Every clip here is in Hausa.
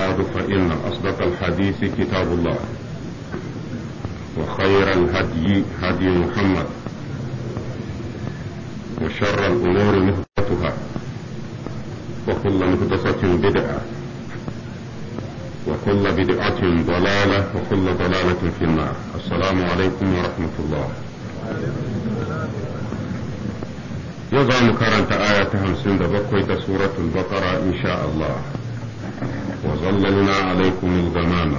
بعد فإن أصدق الحديث كتاب الله وخير الهدي هدي محمد وشر الأمور مهدتها وكل مهدسة بدعة وكل بدعة ضلالة وكل ضلالة في النار السلام عليكم ورحمة الله يضع مكارنة آية 57 سورة البقرة إن شاء الله وظللنا عليكم الغمام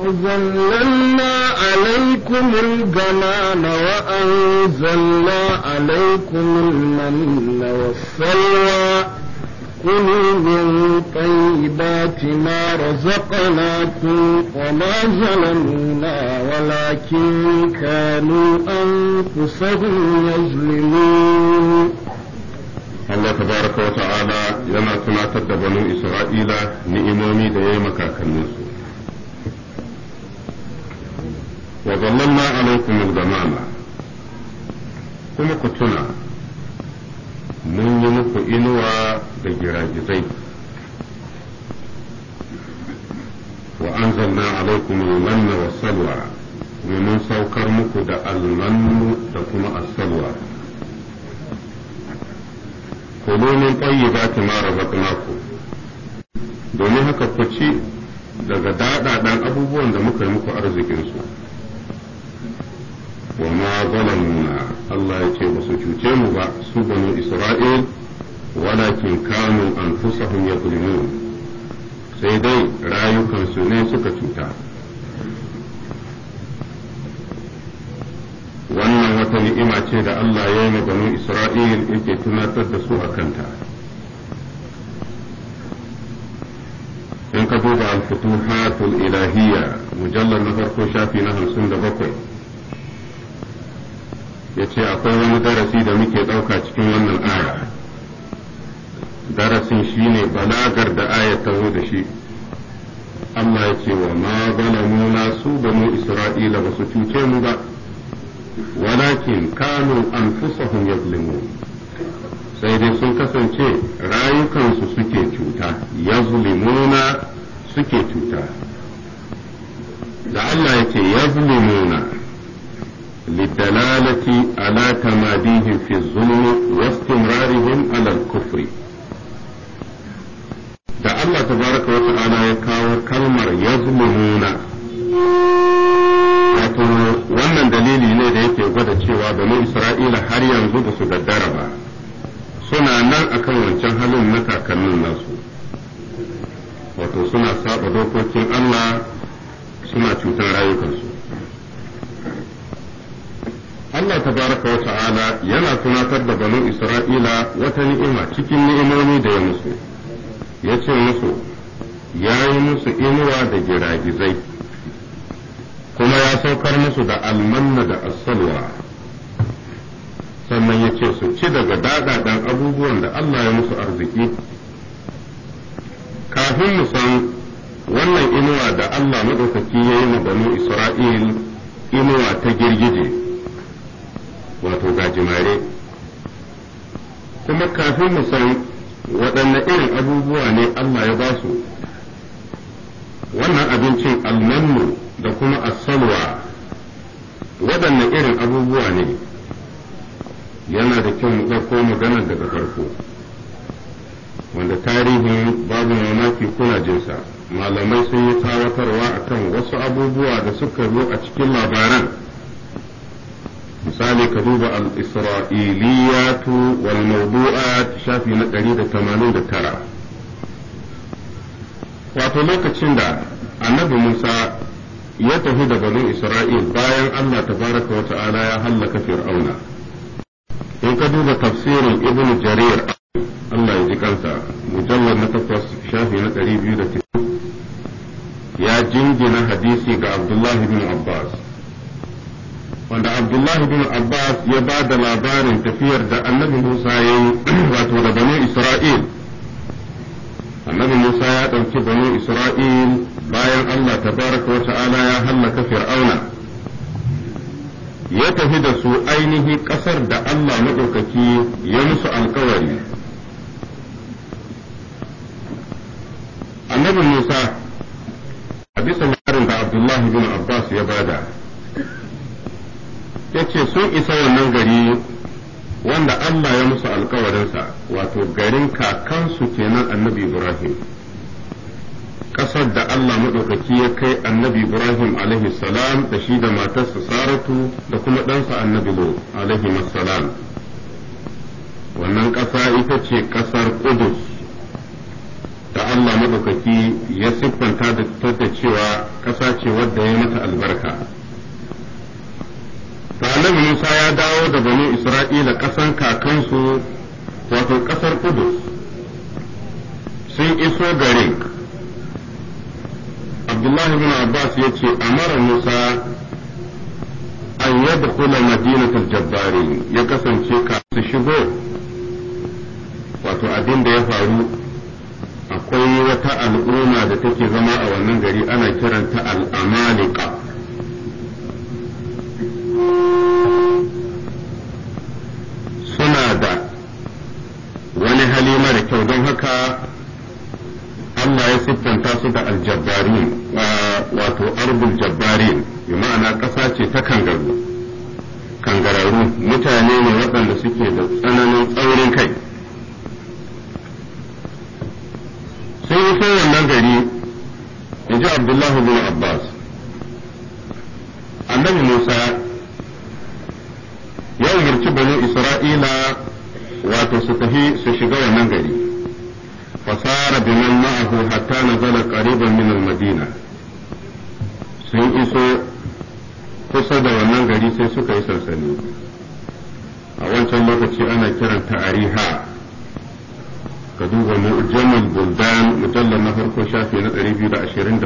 وظللنا عليكم الغمام وأنزلنا عليكم المن والسلوى كلوا من طيبات ما رزقناكم وما ظلمونا ولكن كانوا أنفسهم يظلمون Allah baraka wa ta'ala yana tunatar da banu Isra'ila ni'imomi da yayi makakannin su wa zallalna alaikum al-gamama kuma ku tuna mun yi muku inuwa da giragizai wa anzalna alaikum al-manna was-salwa mun saukar muku da al da kuma as-salwa kulu min mara ma razaqnakum domin haka ku daga daɗaɗan abubuwan da muka yi muku arzikinsu. wa ma na Allah ya ce basu cuce mu ba su banu Isra'il walakin kanu hanyar yadhlimun sai dai rayukansu ne suka cuta wata ni'ima ce da Allah ya yi ma banu Isra'il yake tunatar da su a kanta. In ka duba al-futuhatul ilahiyya mujallar na farko shafi na hamsin da bakwai. Ya ce akwai wani darasi da muke ɗauka cikin wannan aya. Darasin shi ne balagar da aya ta da shi. Allah ya ce wa ma zalamuna su banu Isra'ila ba su cuce mu ba. walakin kanu anfusahum yazlimun sai dai sun kasance rayukansu suke cuta yazlimuna suke cuta da Allah yake yazlimuna للدلالة على تماديهم في الظلم واستمرارهم على الكفر da Allah tabaraka wa ta'ala ya kawo kalmar yazmumuna wannan dalili ne da yake gwada cewa banu isra'ila har yanzu ba su daddara ba suna nan akan wancan halin na kakannin nasu wato suna saba dokokin Allah suna cutar rayukansu Allah baraka wa ta'ala yana tunatar da banu Isra'ila wata ni'ima cikin ni'imomi da ya musu ya ce musu ya yi musu inuwa da giragizai kuma ya saukar musu da almanna da asalwa sannan ya ce su ci daga daɗaɗen abubuwan da Allah ya musu arziki kafin mu san wannan inuwa da Allah madaukaki ya yi banu Isra'il inuwa ta girgije wato gajimare kuma kafin mu san waɗanne irin abubuwa ne Allah ya ba su wannan abincin almannu da kuma asalwa waɗanne irin abubuwa ne yana da kyau mu ɗauko magana daga farko wanda tarihin babu mamaki kuna jinsa malamai sun yi tawatarwa akan wasu abubuwa da suka zo a cikin labaran misali ka duba al-isra'iliyatu wal mawdu'at shafi na 189 wato lokacin da annabi Musa ya tafi da banin Isra'il bayan Allah baraka wa ana ya hallaka Fir'auna. In ka duba tafsirin Ibn Jarir Allah ya ji kansa mujallar na takwas shafi na ɗari biyu da ya jingina hadisi ga Abdullah ibn Abbas. Wanda Abdullah ibn Abbas ya ba da labarin tafiyar da annabi Musa ya yi wato da banin Isra'il. annabi Musa ya ɗauki banu Isra'il bayan Allah tabaraka wa ta'ala ya hallaka Fir'auna ya tafi da su ainihi ƙasar da Allah maɗaukaki ya musu alkawari. Annabi Musa a bisa labarin da Abdullahi bin Abbas ya bada ya ce sun isa wannan gari wanda Allah ya musu alkawarinsa wato garin kakansu kenan annabi Ibrahim ƙasar da Allah maɗaukaki ya kai annabi Ibrahim alaihi salam da shi da matarsa Saratu da kuma ɗansa annabi Lo alaihi salam wannan ƙasa ita ce ƙasar Qudus da Allah maɗaukaki ya siffanta da cewa ƙasa ce wadda ya mata albarka to Musa ya dawo da bani Isra'ila kasan kakansu wato ƙasar Kudus sun iso gare. Abdullahi ibn Abbas ya ce amara Musa an yadkhula madinatul jabbari ya kasance ka su shigo wato abin da ya faru akwai wata al'umma da take zama a wannan gari ana kiranta al'amalika suna da wani hali mara kyau don haka Allah ya siffanta su da aljabbari wato arbul jabari bi ma'ana ƙasa ce ta kangararu kangararru mutane ne waɗanda suke da tsananin tsaurin kai sun yi wannan gari in ji abdullahi bin abbas annabi musa ya umarci bane isra'ila wato su tafi su shiga wannan gari fasara biman ma'ahu hatta nazala qariban min madina sun iso kusa da wannan gari sai suka yi sansani a wancan lokaci ana kiran ariha ka duba mu'jamul buldan mujallal na farko shafi na 227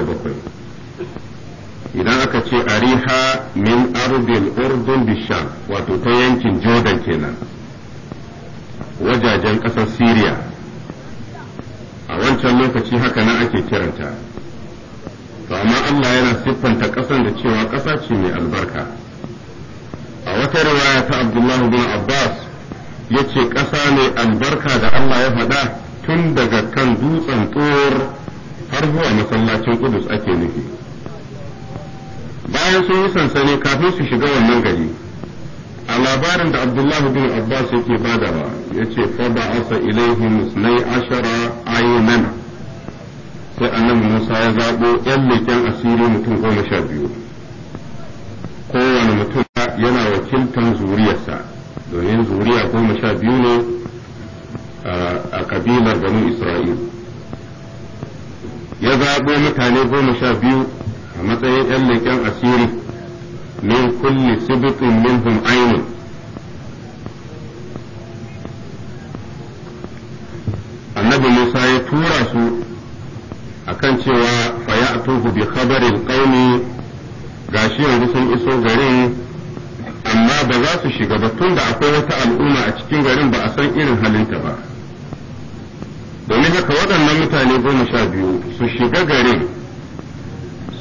idan aka ce ariha min ardil urdun bisham wato ta yankin jordan kenan wajajen ƙasar syria a wancan lokaci haka nan ake kiranta to amma allah yana siffanta ƙasar da cewa ƙasa ce mai albarka a wata riwaya ta abdullahi bin abbas ya ce ƙasa mai albarka da allah ya faɗa tun daga kan dutsen tsohuwar har zuwa masallacin kudus ake nufi bayan sun yi sansani kafin su shiga wannan gari a labarin da abdullah bin abbas yake badawa ya ce fada asa ilaihim isnai ashara ayyanan sai annabi musa ya zaɓo yan leken asiri mutum goma sha biyu kowane mutum yana wakiltar zuriyarsa domin zuriya goma sha biyu ne a kabilar banu isra'il ya zaɓo mutane goma sha biyu a matsayin ‘yan leƙen asiri min kulli sibitin minhum ainun annabi Musa ya tura su a kan cewa fayatuhu bi khabarin qaumi gashi yanzu sun iso garin amma ba za su shiga ba tun da akwai wata al'umma a cikin garin ba a san irin halinta ba domin haka waɗannan mutane goma sha biyu su shiga garin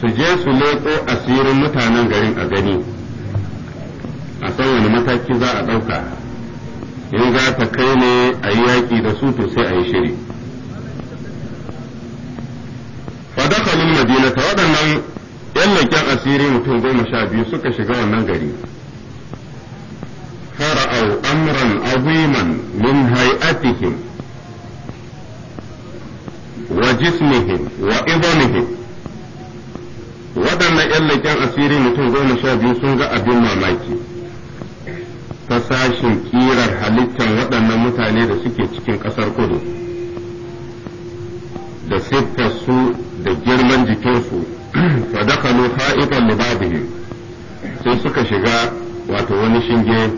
su je su leƙo asirin mutanen garin a gani a san wani mataki za a ɗauka in za ta kai ne a yi yaƙi da su to sai a yi shiri fadakalin madina ta waɗannan yan leƙen asiri mutum goma sha biyu suka shiga wannan gari fara'au amran aziman min hai'atihim wa jismihim wa idonihim waɗannan ‘yan leƙen asiri mutum goma sha biyu sun ga abin mamaki ta sashin ƙirar halittar waɗannan mutane da suke cikin ƙasar kudu da siffarsu da girman jikinsu fadakalu ha'ikan libabihim sai suka shiga wato wani shinge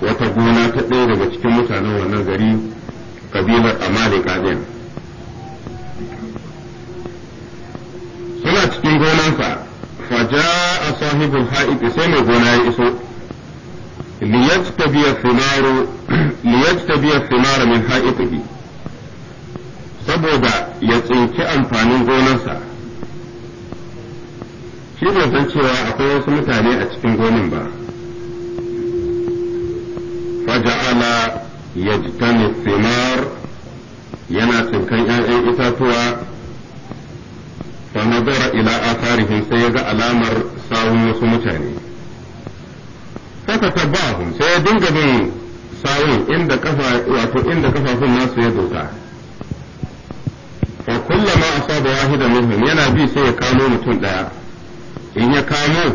wata gona ta ɗaya daga cikin mutanen wannan gari kabilar amalika ɗin yana cikin gonansa faja a sahibul ha'iq sai mai gona ya iso liyajtabiya thimara min ha'iqihi saboda ya tsinci amfanin gonansa shi ne san cewa akwai wasu mutane a cikin gonin ba faja'ala yajtani thimar yana tsinkan 'ya'yan itatuwa fa nazara ila atharihim sai ya ga alamar sawun wasu mutane faka tabahum sai ya dinga bin sawun inda kafa wato inda kafafun nasu ya doka fa kullama asaba wahida minhum yana bi sai ya kamo mutum daya in ya kamo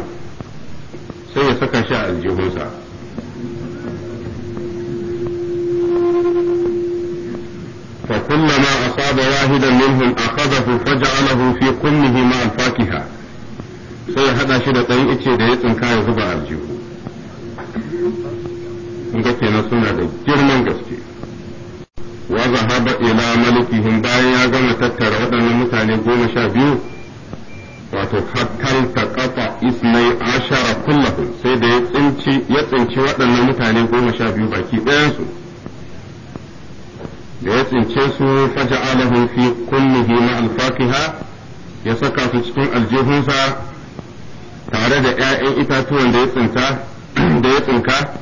sai ya saka shi a aljihunsa فكلما أصاب واحدا منهم أخذه فجعله في قمه مع الفاكهة sai ya haɗa shi da ɗan ice da ya tsinka ya zuba aljihu in ga kenan suna da girman gaske wa zahaba ila malikihim bayan ya gama tattara waɗannan mutane goma sha biyu wato hakkal ta kafa isnai ashara kullahum sai da ya tsinci ya tsinci waɗannan mutane goma sha biyu baki ɗayansu su da ya tsince su faja alahu fi kullihi ma alfaqiha ya saka su cikin aljihunsa tare da ‘ya'yan itatuwan da ya tsinta da ya tsinka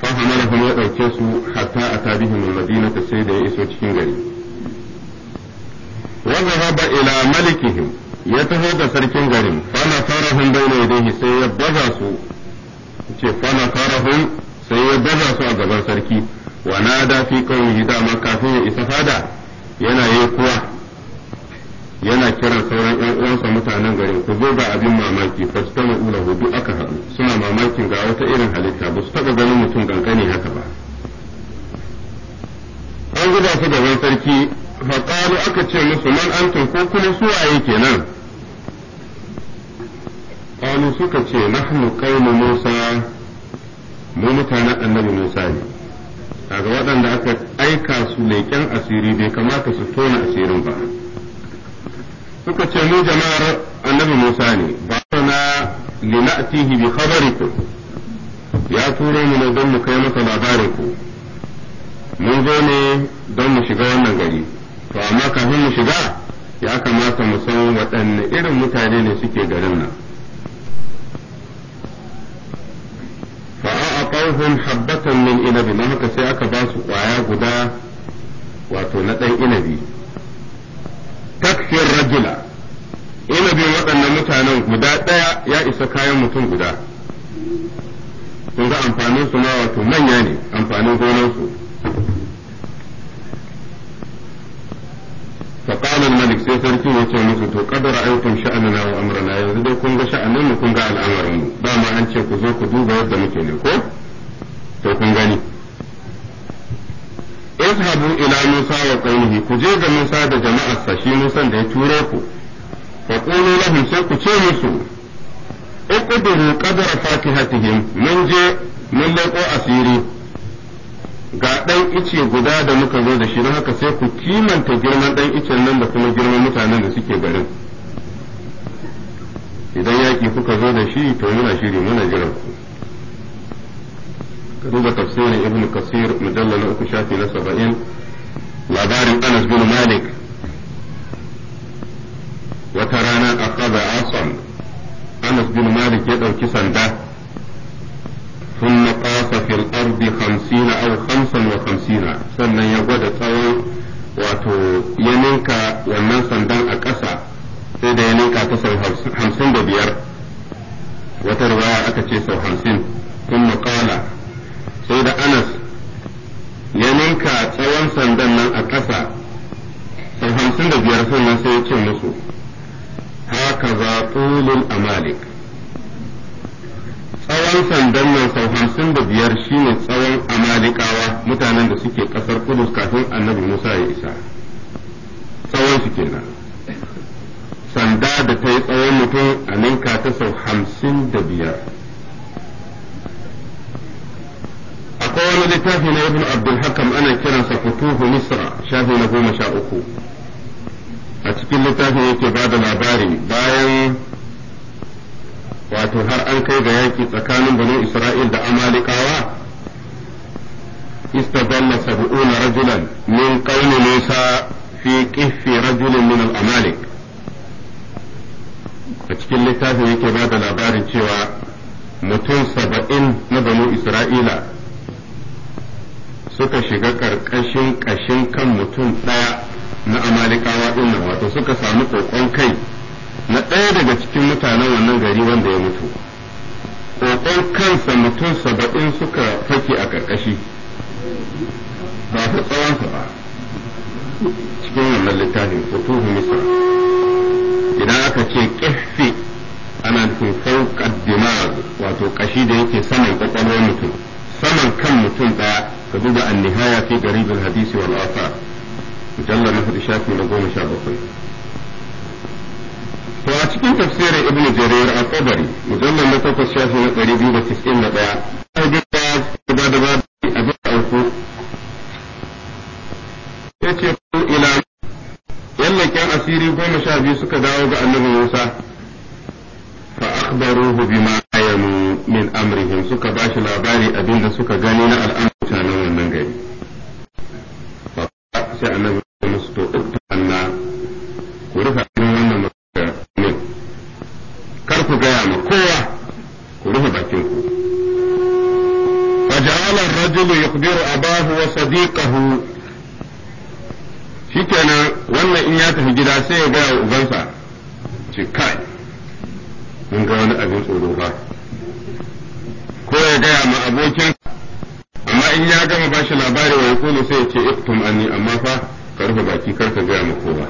hum ya ɗauke su hatta a tarihin madinata sai da ya iso cikin gari wanda zahaba ila malikihim ya taho da sarkin garin fana farahun bayna yadihi sai ya baza su ce sai ya baza su a gaban sarki wa nada fi qawlihi dama kafin ya isa fada yana yi kuwa yana kiran sauran yan uwansa mutanen garin ku zo ga abin mamaki fastama ulahu hudu aka haɗu suna mamakin ga wata irin halitta ba su taɓa ganin mutum kankane haka ba an gida su gaban sarki faƙaru aka ce musu man antum ko kuma waye kenan qalu suka ce nahnu qaumu musa mu mutanen annabi musa ne daga waɗanda aka aika su leken asiri bai kamata su tona asirin ba suka ce mu jama'ar annabi musa ne ba na lina'tihi bi khabarikum ya turo mu na don mu kai masa labarin ku mun zo ne don mu shiga wannan gari to amma kafin mu shiga ya kamata mu san waɗanne irin mutane ne suke garin nan فأعطوهم حبة من إنب نمك سيأك باس وعيا قدا وتنتين إنبي تكفي الرجل inabin waɗannan mutanen guda ɗaya ya isa kayan mutum guda kun ga amfanin su ma wato manya ne amfanin gonansu فقال Malik sai sarki ya ce musu to kadar aikin sha'anina wa amrana yanzu dai kun ga sha'anin mu kun ga al'amarin mu ma an ce ku zo ku duba yadda muke ne ko to kun gani izhabu ila Musa wa qaumihi ku je ga Musa da jama'arsa shi Musa da ya turo ku fa qulu lahum sai ku ce musu iqdiru qadra fatihatihim mun je mun leko asiri ga ɗan ice guda da muka zo da shi haka sai ku kimanta girman ɗan icen nan da kuma girman mutanen da suke garin idan yaki kuka zo da shi to muna shiri muna jiran ku duba tafsirin Ibnu kasir mujalla na uku shafi na saba'in labarin anas bin malik wata rana a kaza asan anas bin malik ya ɗauki sanda ثم قاس في الأرض خمسين أو خمسا وخمسين سنة يقود تصور واتو ينكا ومن ta أكسا سيدا ينكا تصور خمسين ببير وتروى أكتشي سو خمسين ثم قال sai da anas ya ninka tsawon sandan nan a ƙasa sau hamsin da biyar sannan sai ya ce musu haka za a amalik tsawon sandan nan sau hamsin da biyar shi ne tsawon amalikawa mutanen da suke ƙasar kudus kafin annabi musa ya isa tsawon su kenan sanda da ta yi tsawon mutum a ninka ta sau hamsin da biyar akwai wani littafi na ibn abdul hakam ana kiransa futuhu misra shafi na goma sha uku a cikin littafin yake ba da labari bayan wato har an kai ga yaki tsakanin banu isra'il da amalikawa istadalla sab'una rajulan min qaumi musa fi qiffi rajulin min al-amalik a cikin littafin yake ba da labarin cewa mutum saba'in na banu isra'ila suka shiga ƙarƙashin ƙashin kan mutum ɗaya na amalikawa ɗin wato suka samu ƙoƙon kai na ɗaya daga cikin mutanen wannan gari wanda ya mutu ƙoƙon kansa mutum saba'in suka fake a ƙarƙashi ba ta tsawonsa ba cikin wannan littafin futuhu misra idan aka ce ƙiffi ana nufin fauƙar dimag wato ƙashi da yake saman ƙwaƙwalwar mutum saman kan mutum ɗaya ka duba an nihaya fi garibin hadisi wal mujallar na hudu shafi na goma sha bakwai to a cikin tafsirin ibnu jarir a mujallar na takwas shafi na da da ba da ba a ya ce ila asiri goma sha biyu suka dawo ga annabi musa فأخبروه بما عينوا من أمرهم سكا باش abinda suka سكا na الأمر sai ya gaya wa ubansa ce kai mun ga wani abin tsoro ba ko ya gaya ma abokin amma in ya gama ba shi labari wa yakulu sai ya ce iftum anni amma fa ka rufe baki kar ka gaya ma kowa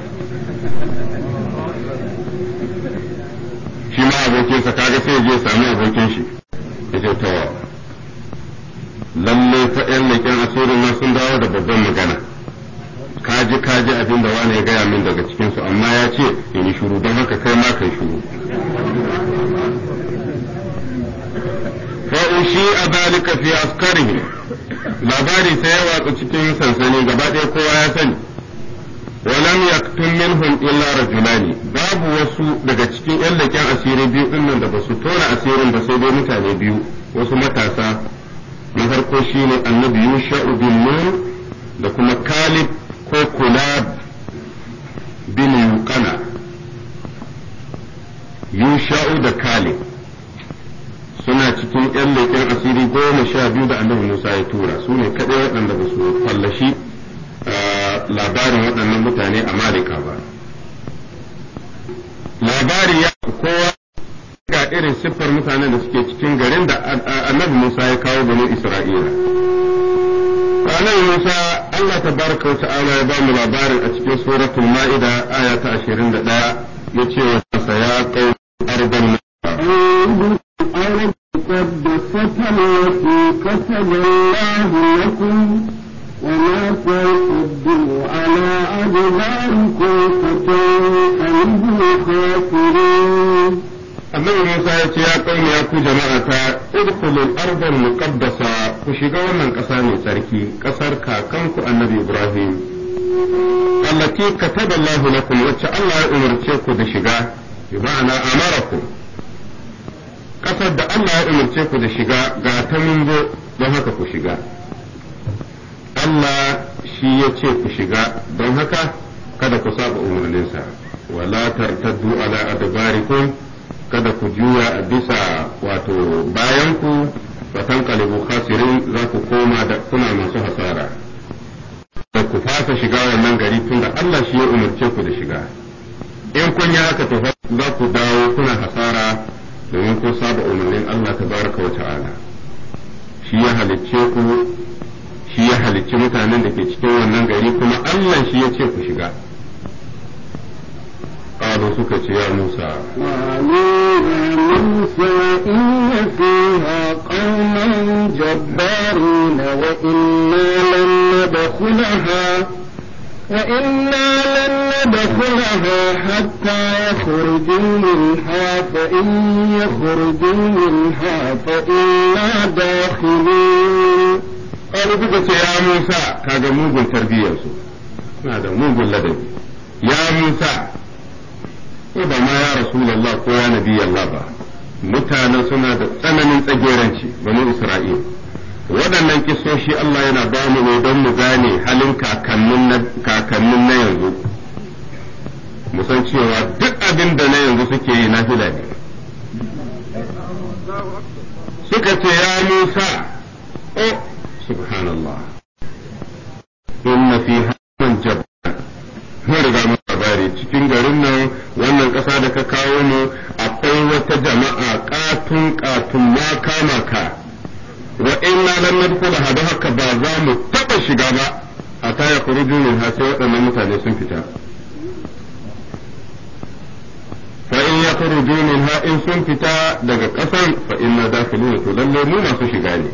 shi ma abokinsa kaga sai ya je sami abokin shi ya ce tawa lalle fa ƴan leƙen asirin ma sun dawo da babban magana kaji kaji abin da wani ya gaya min daga cikinsu amma ya ce in yi shuru don haka kai ma yi shuru fa a dalika fi ne labari sai ya watsa cikin sansani gaba ɗaya kowa ya sani walam tun minhum illa rajulani babu wasu daga cikin yan laƙen asiri biyu din nan da ba su tona asirin ba sai dai mutane biyu wasu matasa na farko shine annabi yusha bin nun da kuma kalib ko kula bin yuqana yusha'u da kale suna cikin ‘yan leƙen asiri goma sha biyu da annabi Musa ya tura su ne kaɗai waɗanda ba su fallashi labarin waɗannan mutane a Malika ba. Labari ya kowa ga irin siffar mutanen da suke cikin garin da annabi Musa ya kawo ganin Isra'ila. anan Musa Allah tabaraka wa ta'ala ya bamu labarin a cikin suratul Ma'ida aya ta 21 yace wa saya qau arban قد فتن وفي كتب الله لكم وما تنقدوا على أدباركم فتنقلبوا خاسرين annabi Musa ya ce ya kauna ya ku jama'a ta udkhulul ardal muqaddasa ku shiga wannan kasa mai tsarki ƙasar kakanku annabi Ibrahim allati kataba Allahu lakum wacce Allah ya umarce ku da shiga bi ma'ana amarakum kasar da Allah ya umarce ku da shiga ga ta mun don haka ku shiga Allah shi ya ce ku shiga don haka kada ku saba umarninsa wala tartaddu ala adbarikum kada ku juya a bisa wato bayanku fatan kalibu khasirin za ku koma da kuna masu hasara da ku fasa shiga wannan gari tunda Allah shi ya umarce ku da shiga in kun yi haka to za ku dawo kuna hasara domin kun saba umarnin Allah baraka wa ta'ala shi ya halicce ku shi ya halicci mutanen da ke cikin wannan gari kuma Allah shi ya ce ku shiga قالوا سكت يا موسى قالوا يا موسى إن فيها قوما جبارين وإنا لن ندخلها وإنا لن ندخلها حتى يخرجوا منها فإن يخرجوا منها فإنا داخلون قالوا بك يا موسى كاجا موجل تربية سنة هذا موجل لدي يا موسى ko eh, da ma ya rasulullah ko ya nabi Allah ba mutanen suna da tsananin tsageranci bani Isra'il waɗannan kisoshi Allah yana ba mu ne don mu gane halin kakannin na yanzu mu san cewa duk abin da na yanzu suke yi na fila ne suka ce ya Musa o subhanallah inna fi haman jabbar riga wurare cikin garin nan wannan ƙasa da ka kawo mu akwai wata jama'a katun katun ma kama ka wa inna lam nadkhul hada haka ba za mu taba shiga ba hatta ya khuruju min sai waɗannan mutane sun fita fa in ya khuruju min ha in sun fita daga ƙasar fa inna dakhiluna to lalle mu masu shiga ne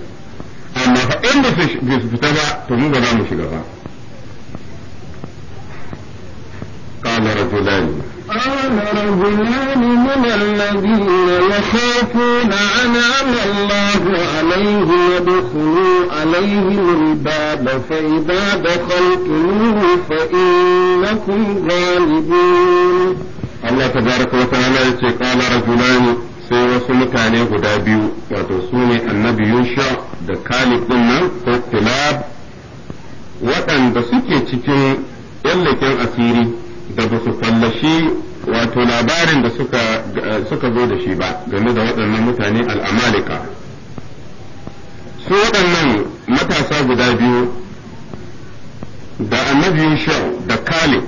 amma fa in ba su fita ba to mu ba za mu shiga ba قال رجلان قال رجلان من الذين يخافون أنعم الله عليه ودخلوا عليه الباب فإذا دخلتموه فإنكم غالبون الله تبارك وتعالى قال رجلان sai wasu mutane guda biyu wato su ne annabi Yusha da Kalib din nan ko Kilab waɗanda suke cikin yallakin asiri da ba su fallashi wato labarin da suka zo da shi ba game da waɗannan mutane al'amalika su waɗannan matasa guda biyu da annabi sha da kale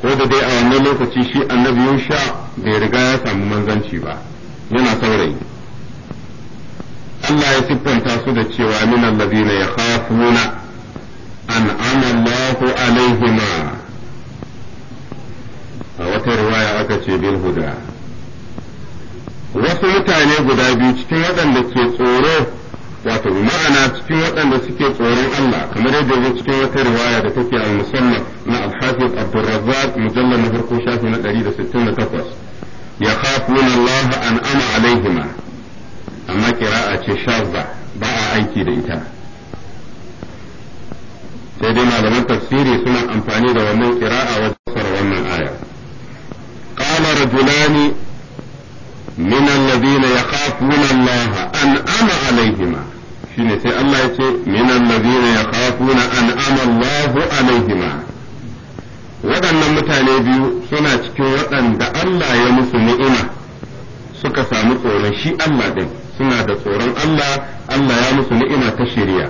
ko da dai a wannan lokaci shi annabi sha bai riga ya samu manzanci ba yana saurayi Allah ya siffanta su da cewa min allazina yakhafuna an amalla ko alaihima aka ce bil huda wasu mutane guda biyu cikin waɗanda ke tsoro wato ma'ana cikin waɗanda suke tsoron Allah kamar yadda zai cikin wata riwaya da take a musamman na Al-Hafiz Abdurrazzaq mujallal na farko shafi na 168 ya khafuna Allah an ama alaihima amma kira'a ce shazza ba a aiki da ita sai dai malaman tafsiri suna amfani da wannan kira'a wajen wannan aya قال رجلان من الذين يخافون الله أنعم عليهما شنو sai Allah ya ce minan ladina yakhafuna an waɗannan mutane biyu suna cikin waɗanda Allah ya musu ni'ima suka samu tsoron shi Allah din suna da tsoron Allah Allah ya musu ni'ima ta shirya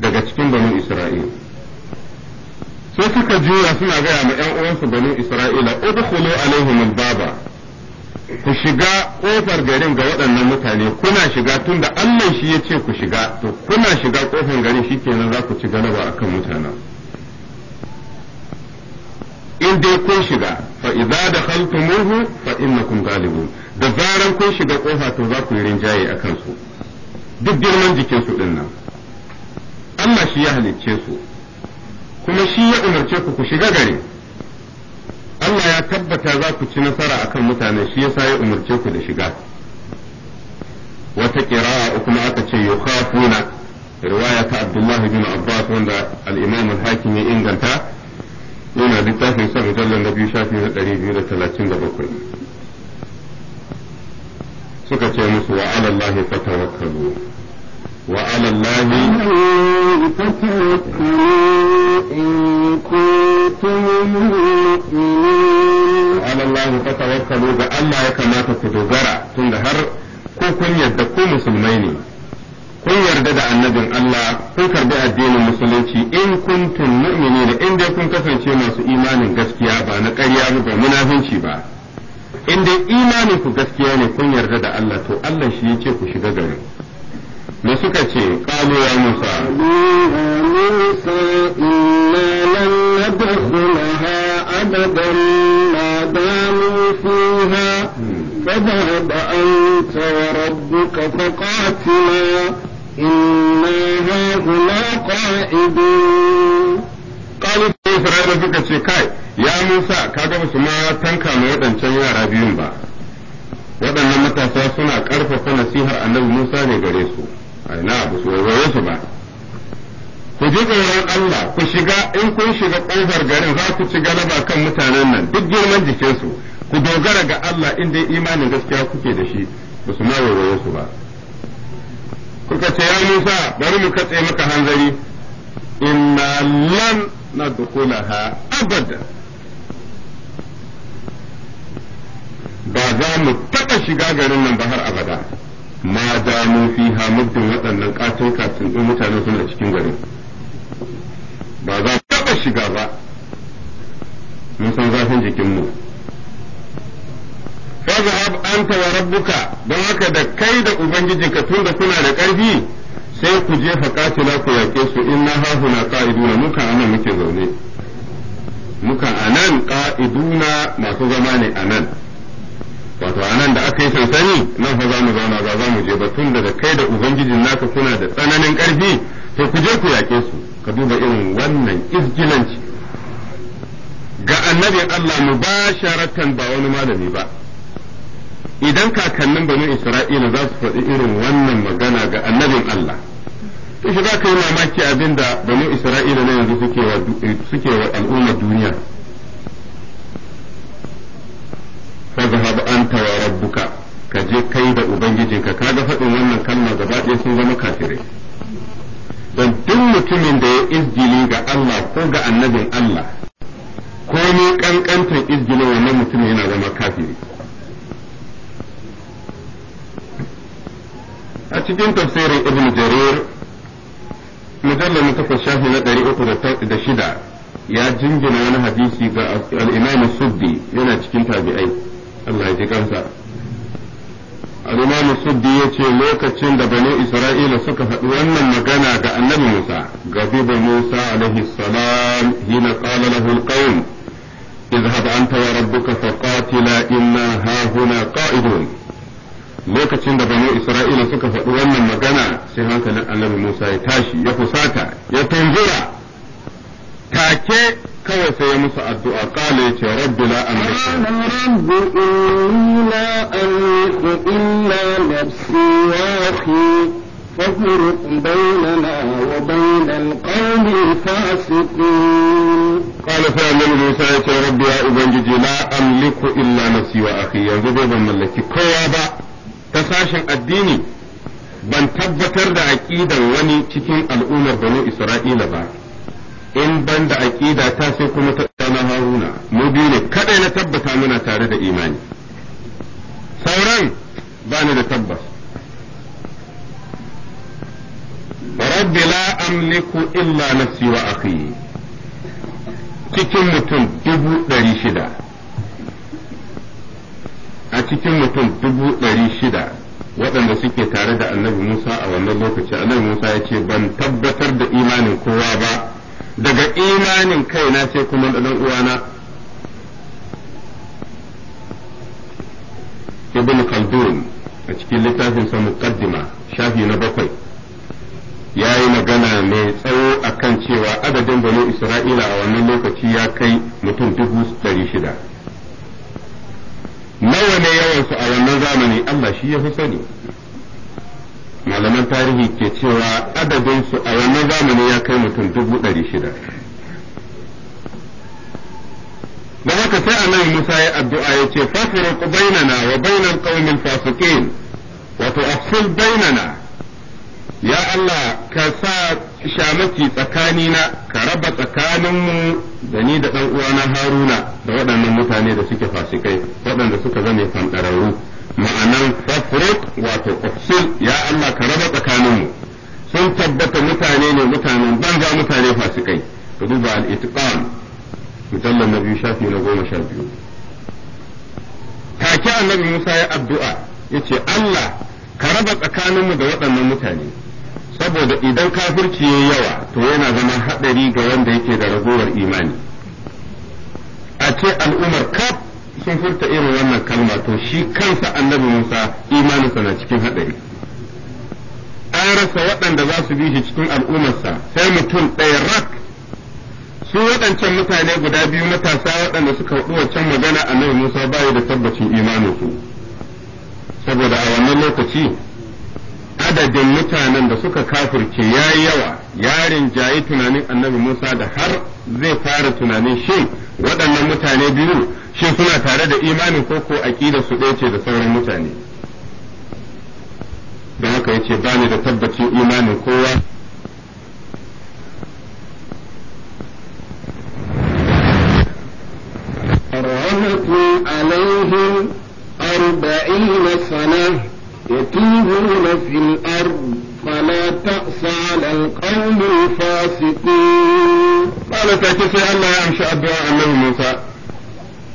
daga cikin banu Isra'ila sai suka juya suna gaya ma ‘yan uwansu bani Isra'ila, udkhulu alaihim baba ku shiga ƙofar garin ga waɗannan mutane, kuna shiga tunda da Allah shi ya ce ku shiga, to kuna shiga ƙofar garin shi kenan za ku ci galaba a kan In dai kun shiga, fa iza da fa innakum galibun da zaran kun shiga kofa to za ku yi rinjaye a kansu. Duk girman jikinsu ɗin nan. Allah shi ya halicce su, kuma shi ya umarce ku ku shiga gari Allah ya tabbata za ku ci nasara akan mutane shi yasa ya umarce ku da shiga wata kira'a kuma aka ce yukhafuna riwaya ta Abdullah bin Abbas wanda al-Imam al-Hakim ya inganta yana littafin sa mujallal na shafi da talatin suka ce musu wa alallahi fatawakkalu وعلى الله فتوكلوا Allah كنتم مؤمنين وعلى الله فتوكلوا har يكما تتدوغرا تندهر كوكن يدكو مسلمين kun yarda da annabin Allah kun karbi addinin musulunci in kuntum mu'minina in dai kun kasance masu imanin gaskiya ba na ƙarya ba munafinci ba in dai imanin ku gaskiya ne kun yarda da Allah to Allah shi yake ku shiga garin me suka ce kalu ya musa musa inna lan nadkhulaha abadan ma damu fiha فذهب أنت وربك فقاتلا إنا هاهنا قاعدون قالوا إسرائيل suka ce kai ya Musa ka musu ma tanka mai wadancan yara biyun ba waɗannan matasa suna ƙarfafa nasiha a annabi Musa ne gare su na ba su warware su ba ku ji tsoron Allah ku shiga in kun shiga ƙofar garin za ku ci galaba kan mutanen nan duk girman jikinsu ku dogara ga Allah in dai imanin gaskiya kuke da shi ba su ma warware su ba kuka ce ya Musa bari mu katse maka hanzari inna lan ha abada ba za mu taɓa shiga garin nan ba har abada ma damu fiha muddin waɗannan katon katin ɗin mutane suna cikin gari ba za taɓa shiga ba mun san zafin jikinmu fazahab anta wa rabbuka don haka da kai da ubangijin ka tunda kuna da ƙarfi sai ku je katila ku yake su inna hahuna qa'iduna muka anan muke zaune muka anan qa'iduna masu zama ne anan wato anan da aka yi sansani nan fa za mu zauna ba za mu je ba tun daga kai da ubangijin naka kuna da tsananin karfi to ku je ku yaƙe su ka duba irin wannan izgilanci ga annabi Allah mu ba ba wani malami ba idan kakannin banu Isra'ila za su faɗi irin wannan magana ga annabin Allah to shi za ka yi mamaki abinda banu Isra'ila na yanzu suke wa al'ummar duniya fazhab anta wa rabbuka ka je kai da ubangijinka kaga faɗin wannan kalma gaba ɗaya sun zama kafirai don duk mutumin da ya izgili ga Allah ko ga annabin Allah ko ne kankantar izgilin wannan mutumin yana zama kafiri a cikin tafsirin ibn jarir mujallar na takwas shafi na ɗari uku da shida ya jingina wani hadisi ga al'imam suddi yana cikin tabi'ai Allah ya ji kansa al lokacin da bani isra'ila suka faɗi wannan magana ga annabi Musa gabiba Musa alaihi salam hina qala lahu al-qawm اذهب أنت وربك فقاتلا إنا هاهنا قائدون lokacin da banu Isra'ila suka faɗi wannan magana sai hankalin annabi Musa ya tashi ya fusata ya tanzura take kawai sai ya musu addu'a kala yace rabbi la amliku rabbi inni la amliku illa nafsi wa akhi فافرق بيننا وبين القوم الفاسقين قال فعلا موسى يا ربي يا أبنجي لا أملك إلا نفسي وأخي yanzu bai ban mallaki kowa ba ta sashen addini ban tabbatar da aƙidan wani cikin al'ummar banu Isra'ila ba in ban da aƙida ta sai kuma ta ɗana haruna mu biyu ne kaɗai na tabbata muna tare da imani sauran ba ni da tabbas rabbi la amliku illa nafsi wa akhi cikin mutum dubu ɗari shida a cikin mutum dubu ɗari shida waɗanda suke tare da annabi Musa a wannan lokaci annabi Musa ya ce ban tabbatar da imanin kowa ba daga imanin kai na sai kuma ɗan uwana ibn khaldun a cikin littafin sa muqaddima shafi na bakwai ya yi magana mai tsawo akan cewa adadin bani isra'ila a wannan lokaci ya kai mutum dubu ɗari shida nawa ne yawansu a wannan zamani allah shi ya fi sani malaman tarihi ke cewa adadin su a wannan zamani ya kai mutum dubu ɗari shida da haka sai a nan Musa ya addu'a ya ce fafiruq bainana wa bainal ƙaunin fasikin wato afsil bainana ya Allah ka sa shamaki tsakanina ka raba tsakaninmu da ni da ɗan uwana Haruna da waɗannan mutane da suke fasikai waɗanda suka zame fanɗararru ma'anan tafruk wato ufsul ya Allah ka raba tsakanin mu sun tabbata mutane ne mutanen banza mutane fasikai ka duba al-itqan mutallan na shafi na goma sha biyu take annabi Musa ya addu'a yace Allah ka raba tsakanin mu da waɗannan mutane saboda idan kafirci yayi yawa to yana zama hadari ga wanda yake da ragowar imani a ce al'umar kaf sun furta irin wannan kalma to shi kansa annabi Musa imaninsa na cikin haɗari. An rasa waɗanda za su bi shi cikin al'ummarsa sai mutum ɗaya rak su waɗancan mutane guda biyu matasa waɗanda suka haɗu wancan magana annabi Musa bayi da tabbacin imaninsu. Saboda a wannan lokaci adadin mutanen da suka kafirce ya yi yawa yarin jayi tunanin annabi Musa da har zai fara tunanin shin waɗannan mutane biyu shin kuna tare da imani ko ko aƙida su ɗaya ce da sauran mutane don haka yace ba ni da tabbacin imanin kowa رهتم عليهم أربعين سنة يتيهون في الأرض فلا تأس على القوم الفاسقين قال تأتي الله يمشي أدعاء النبي موسى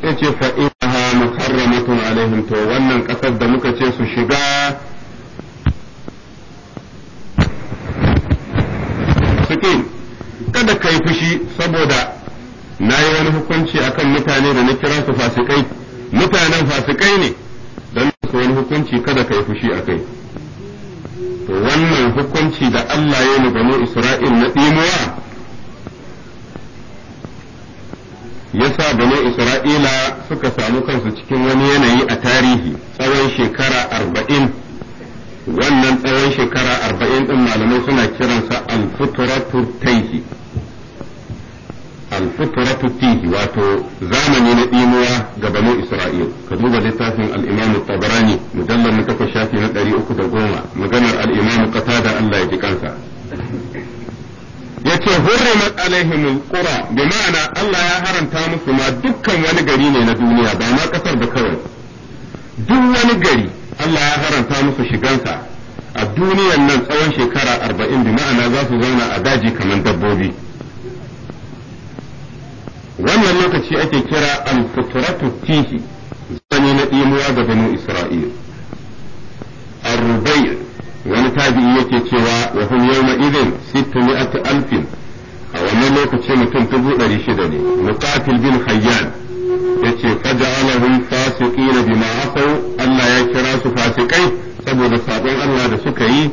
sai ce fa'inaha muharramatun alaihim to wannan kasar da muka ce su shiga suke kada ka yi fushi saboda na yi wani hukunci akan mutane da na kira su fasikai mutanen fasikai ne don su wani hukunci kada ka yi fushi a to wannan hukunci da Allah ya yi ga Isra'il na ɗimuwa yasa bane isra'ila suka samu kansu cikin wani yanayi a tarihi tsawon shekara arba'in wannan tsawon shekara arba'in ɗin malamai suna kiransa alfuturatu taihi alfuturatu tihi wato zamani na ɗimuwa ga bane isra'il ka duba littafin al'imamu tabarani mujallar na takwas shafi na ɗari uku da goma maganar al'imamu kata da allah ya ji kansa yace hurrimat alaihimul qura bi ma'ana Allah ya haranta musu ma dukkan wani gari ne na duniya ba ma kasar da kawai duk wani gari Allah ya haranta musu shigansa a duniyan nan tsawon shekara arba'in bi ma'ana za su zauna a daji kamar dabbobi wannan lokaci ake kira al-futratu tihi zani na imuwa ga banu isra'il ar-rubai' wani tabi'i yake cewa wa hum yawma idhin sittami'atu alfin a wannan lokaci mutum dubu ɗari shida ne muqatil bin hayyan yace faja'alahum fasiqina bima asaw Allah ya kira su fasikai saboda sabon Allah da suka yi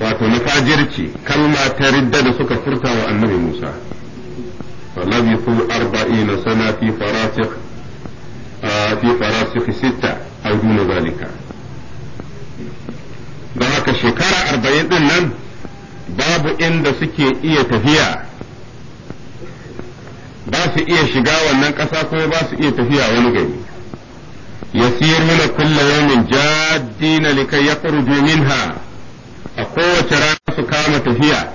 wato na fajirci kalma ta ridda da suka furta wa annabi Musa فلبثوا أربعين سنة في فراسخ في فراسخ ستة أو دون zalika. da haka shekara arba'in din nan babu inda suke iya tafiya ba su iya shiga wannan ƙasa ko ba su iya tafiya wani gari mana kulla yawmin jaddina likai yakhruju minha a kowace rana su kama tafiya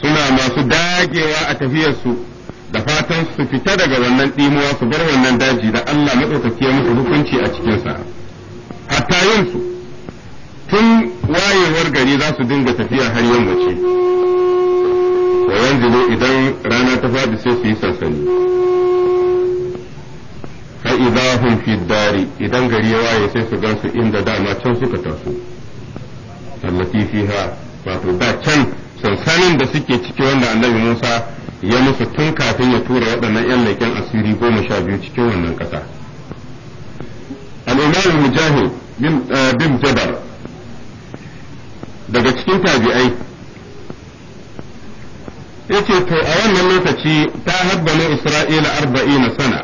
suna masu dagewa a tafiyarsu da fatan su fita daga wannan ɗimuwa su bar wannan daji da Allah maɗaukaki ya musu hukunci a cikinsa hatta yin su tun wayewar gari za su dinga tafiya har yammaci wayan jiro idan rana ta faɗi sai su yi sansani fa'iza hun fi dari idan gari ya waye sai su gansu inda dama can suka taso allati fiha wato da can sansanin da suke ciki wanda annabi Musa ya musu tun kafin ya tura waɗannan 'yan leƙen asiri goma sha biyu cikin wannan ƙasa. al'umar mujahid bin eh, jabar daga cikin tabi'ai yace to a wannan lokaci ta ne isra'ila arba'ina sana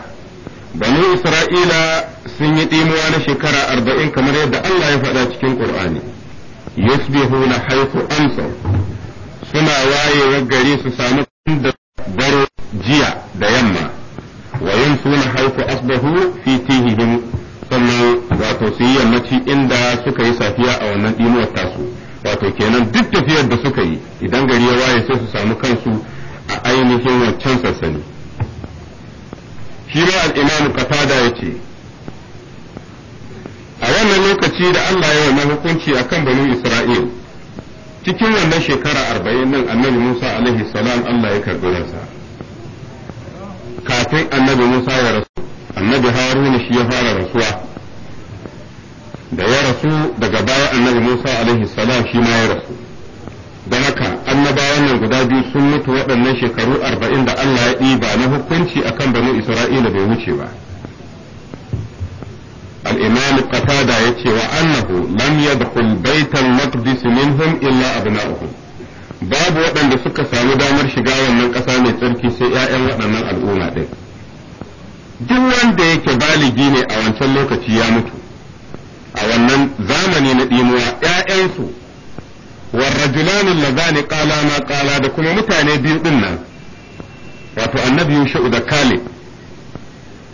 banu isra'ila sun yi ɗimuwa na shekara arba'in kamar yadda Allah ya faɗa cikin ƙur'ani yusbihuna haiku amsa suna waye gari su samu da dare jiya da yamma wa yansuna haifu asbahu fi tihihim sannan wato su yi yammaci inda suka yi safiya a wannan ɗimuwar tasu wato kenan duk tafiyar da suka yi idan gari ya waye sai su samu kansu a ainihin wancan sassani shi ma al'imamu katada ya ce a wannan lokaci da Allah ya wannan hukunci a kan banu Isra'il cikin wannan shekara arba'in nan annabi Musa alaihi salam Allah ya karbi ransa kafin annabi Musa ya rasu annabi Haruna shi ya fara rasuwa da ya rasu daga baya annabi Musa alaihi salam shi ma ya rasu da haka annabawan nan guda biyu sun mutu waɗannan shekaru arba'in da Allah ya ɗiba na hukunci akan bani Isra'ila bai wuce ba ya ce wa annahu lam لم يدخل بيت maqdis minhum illa abna'uhu babu waɗanda suka samu damar shiga wannan ƙasa mai tsarki sai ‘ya'yan waɗannan al'umma ɗin. Duk wanda yake baligi ne a wancan lokaci ya mutu, a wannan zamani na ɗimuwa ‘ya'yansu warrajulanun lazani ƙala ma ƙala da kuma mutane biyu ɗin nan wato annabi yusha'u da kale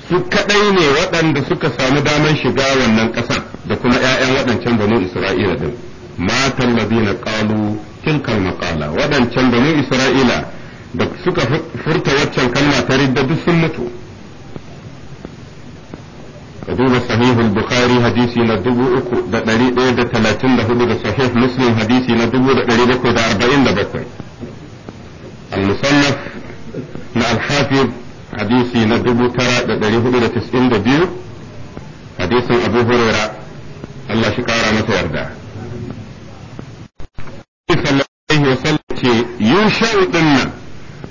su kaɗai ne waɗanda suka samu damar shiga wannan ƙasa da kuma ‘ya'yan waɗancan banu isra'ila ɗin matan kin ƙalu tilkal maƙala waɗancan banu isra'ila da suka furta waccan kalma ta ridda duk sun mutu ka duba sahihul bukhari hadisi na dubu uku da ɗari ɗaya da talatin da hudu da sahih muslim hadisi na dubu da ɗari bakwai da arba'in da bakwai al-musannaf na al-hafiz hadisi na dubu tara da ɗari hudu da tis'in da biyu hadisin abu huraira Allah shi ƙara masa yarda alaihi wasallam ce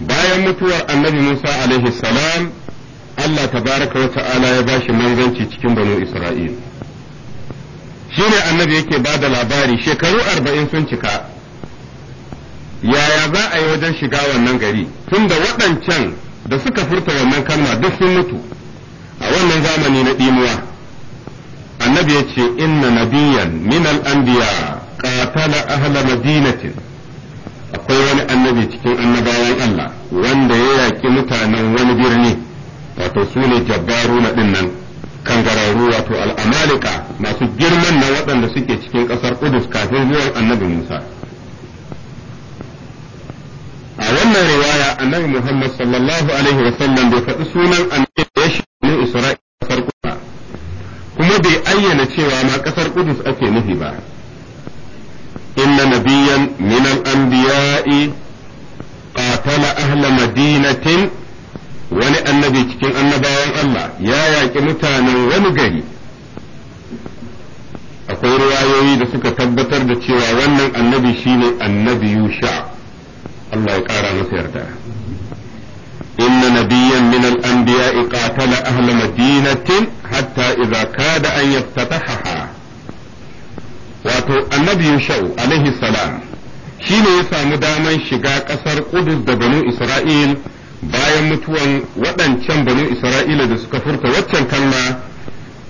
bayan mutuwar annabi Musa Allah tabaraka wa ta'ala ya bashi manzanci cikin banu Isra'il shi ne annabi yake ba da labari shekaru arba'in sun cika yaya za a yi wajen shiga wannan gari tun da waɗancan da suka furta wannan kalma duk sun mutu a wannan zamani na ɗimuwa annabi ya ce inna nabiyan min anbiya qatala ahla madinatin akwai wani annabi cikin annabawan Allah wanda ya yaƙi mutanen wani birni wato su ne jabbaruna ɗin nan kangararu wato al'amalika masu girman na waɗanda suke cikin ƙasar ƙudus kafin zuwan annabi Musa. A wannan riwaya annabi Muhammad sallallahu Alaihi wasallam bai faɗi sunan annabi da ya shiga Isra'ila ƙasar ba. kuma bai ayyana cewa ma ƙasar Kudus ake nufi ba. Inna nabiyan minal anbiya'i qatala ahla madinatin wani annabi cikin annabawan Allah ya yaƙi mutanen wani gari akwai ruwayoyi da suka tabbatar da cewa wannan annabi shine annabi Yusha Allah ya ƙara masa yarda إن نبيا من الأنبياء قاتل أهل مدينة حتى إذا كاد أن يفتتحها wato annabi Yushau alaihi salam shi ne ya samu daman shiga ƙasar Qudus da banu Isra'il bayan mutuwan waɗancan bani Isra'ila da suka furta waccan kalma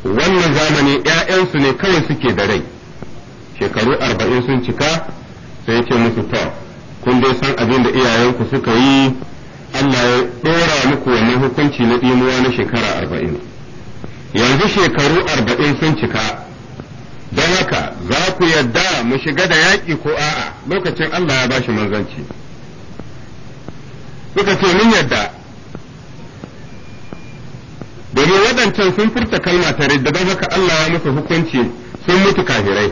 wannan zamani ‘ya'yansu ne kawai suke da rai, shekaru arba'in sun cika sai ce musu ta, kun dai san abin da iyayenku suka yi, Allah ya ɗora muku wannan hukunci na ɗimuwa na shekara arba'in. Yanzu shekaru arba'in sun cika, don haka za ku yarda mu shiga da yaƙi ko a'a lokacin Allah ya ba shi manzanci. suka ce mun yadda domin waɗancan sun furta kalma ta da don haka Allah ya musu hukunci sun mutu kafirai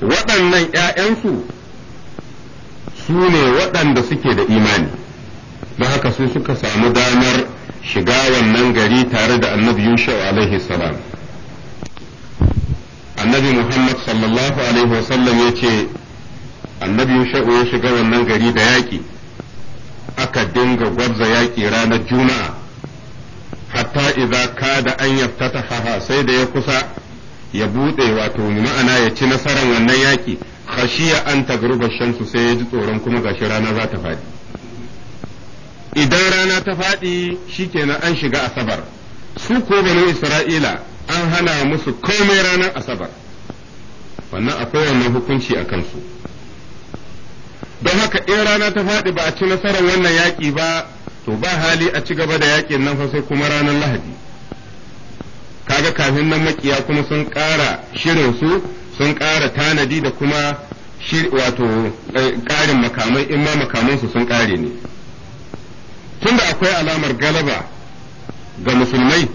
waɗannan ‘ya'yansu su ne waɗanda suke da imani don haka su suka samu damar shiga wannan gari tare da annabi Yusuf alaihi salam annabi Muhammad sallallahu alaihi wasallam ya ce annabi Yusuf ya shiga wannan gari da yaƙi aka dinga gwabza yaƙi ranar juma'a hatta ka da an haha sai da ya kusa ya buɗe wato ma'ana ya ci nasarar wannan yaƙi khashiya an tagruba shamsu sai ya ji tsoron kuma gashi rana za ta faɗi idan rana ta faɗi shi kenan an shiga asabar su ko banu isra'ila an hana musu komai ranar asabar wannan akwai wannan hukunci a kansu don haka in rana ta faɗi ba a ci nasarar wannan yaƙi ba to ba hali a ci gaba da yaƙin nan fa sai kuma ranar lahadi kaga kafin nan makiya kuma sun ƙara shirin su sun ƙara tanadi da kuma wato eh, ƙarin makamai in ma makamai su sun ƙare ne tunda akwai alamar galaba ga musulmai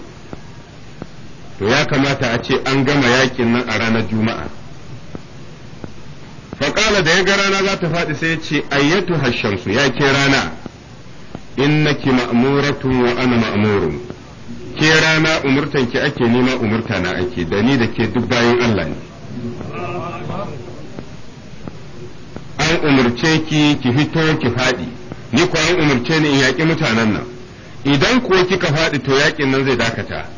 to ya kamata a ce an gama yaƙin nan a ranar juma'a faƙala da ya ga rana za ta faɗi sai ya ce ayyatu hashamsu ya ke rana innaki ma'muratun wa ana ma'murun ke rana umurtan ki ake nema umurta na ake da ni da ke duk bayan Allah ne an umurce ki ki fito ki faɗi ni ko an umurce ni in yaƙi mutanen nan idan ko kika faɗi to yaƙin nan zai dakata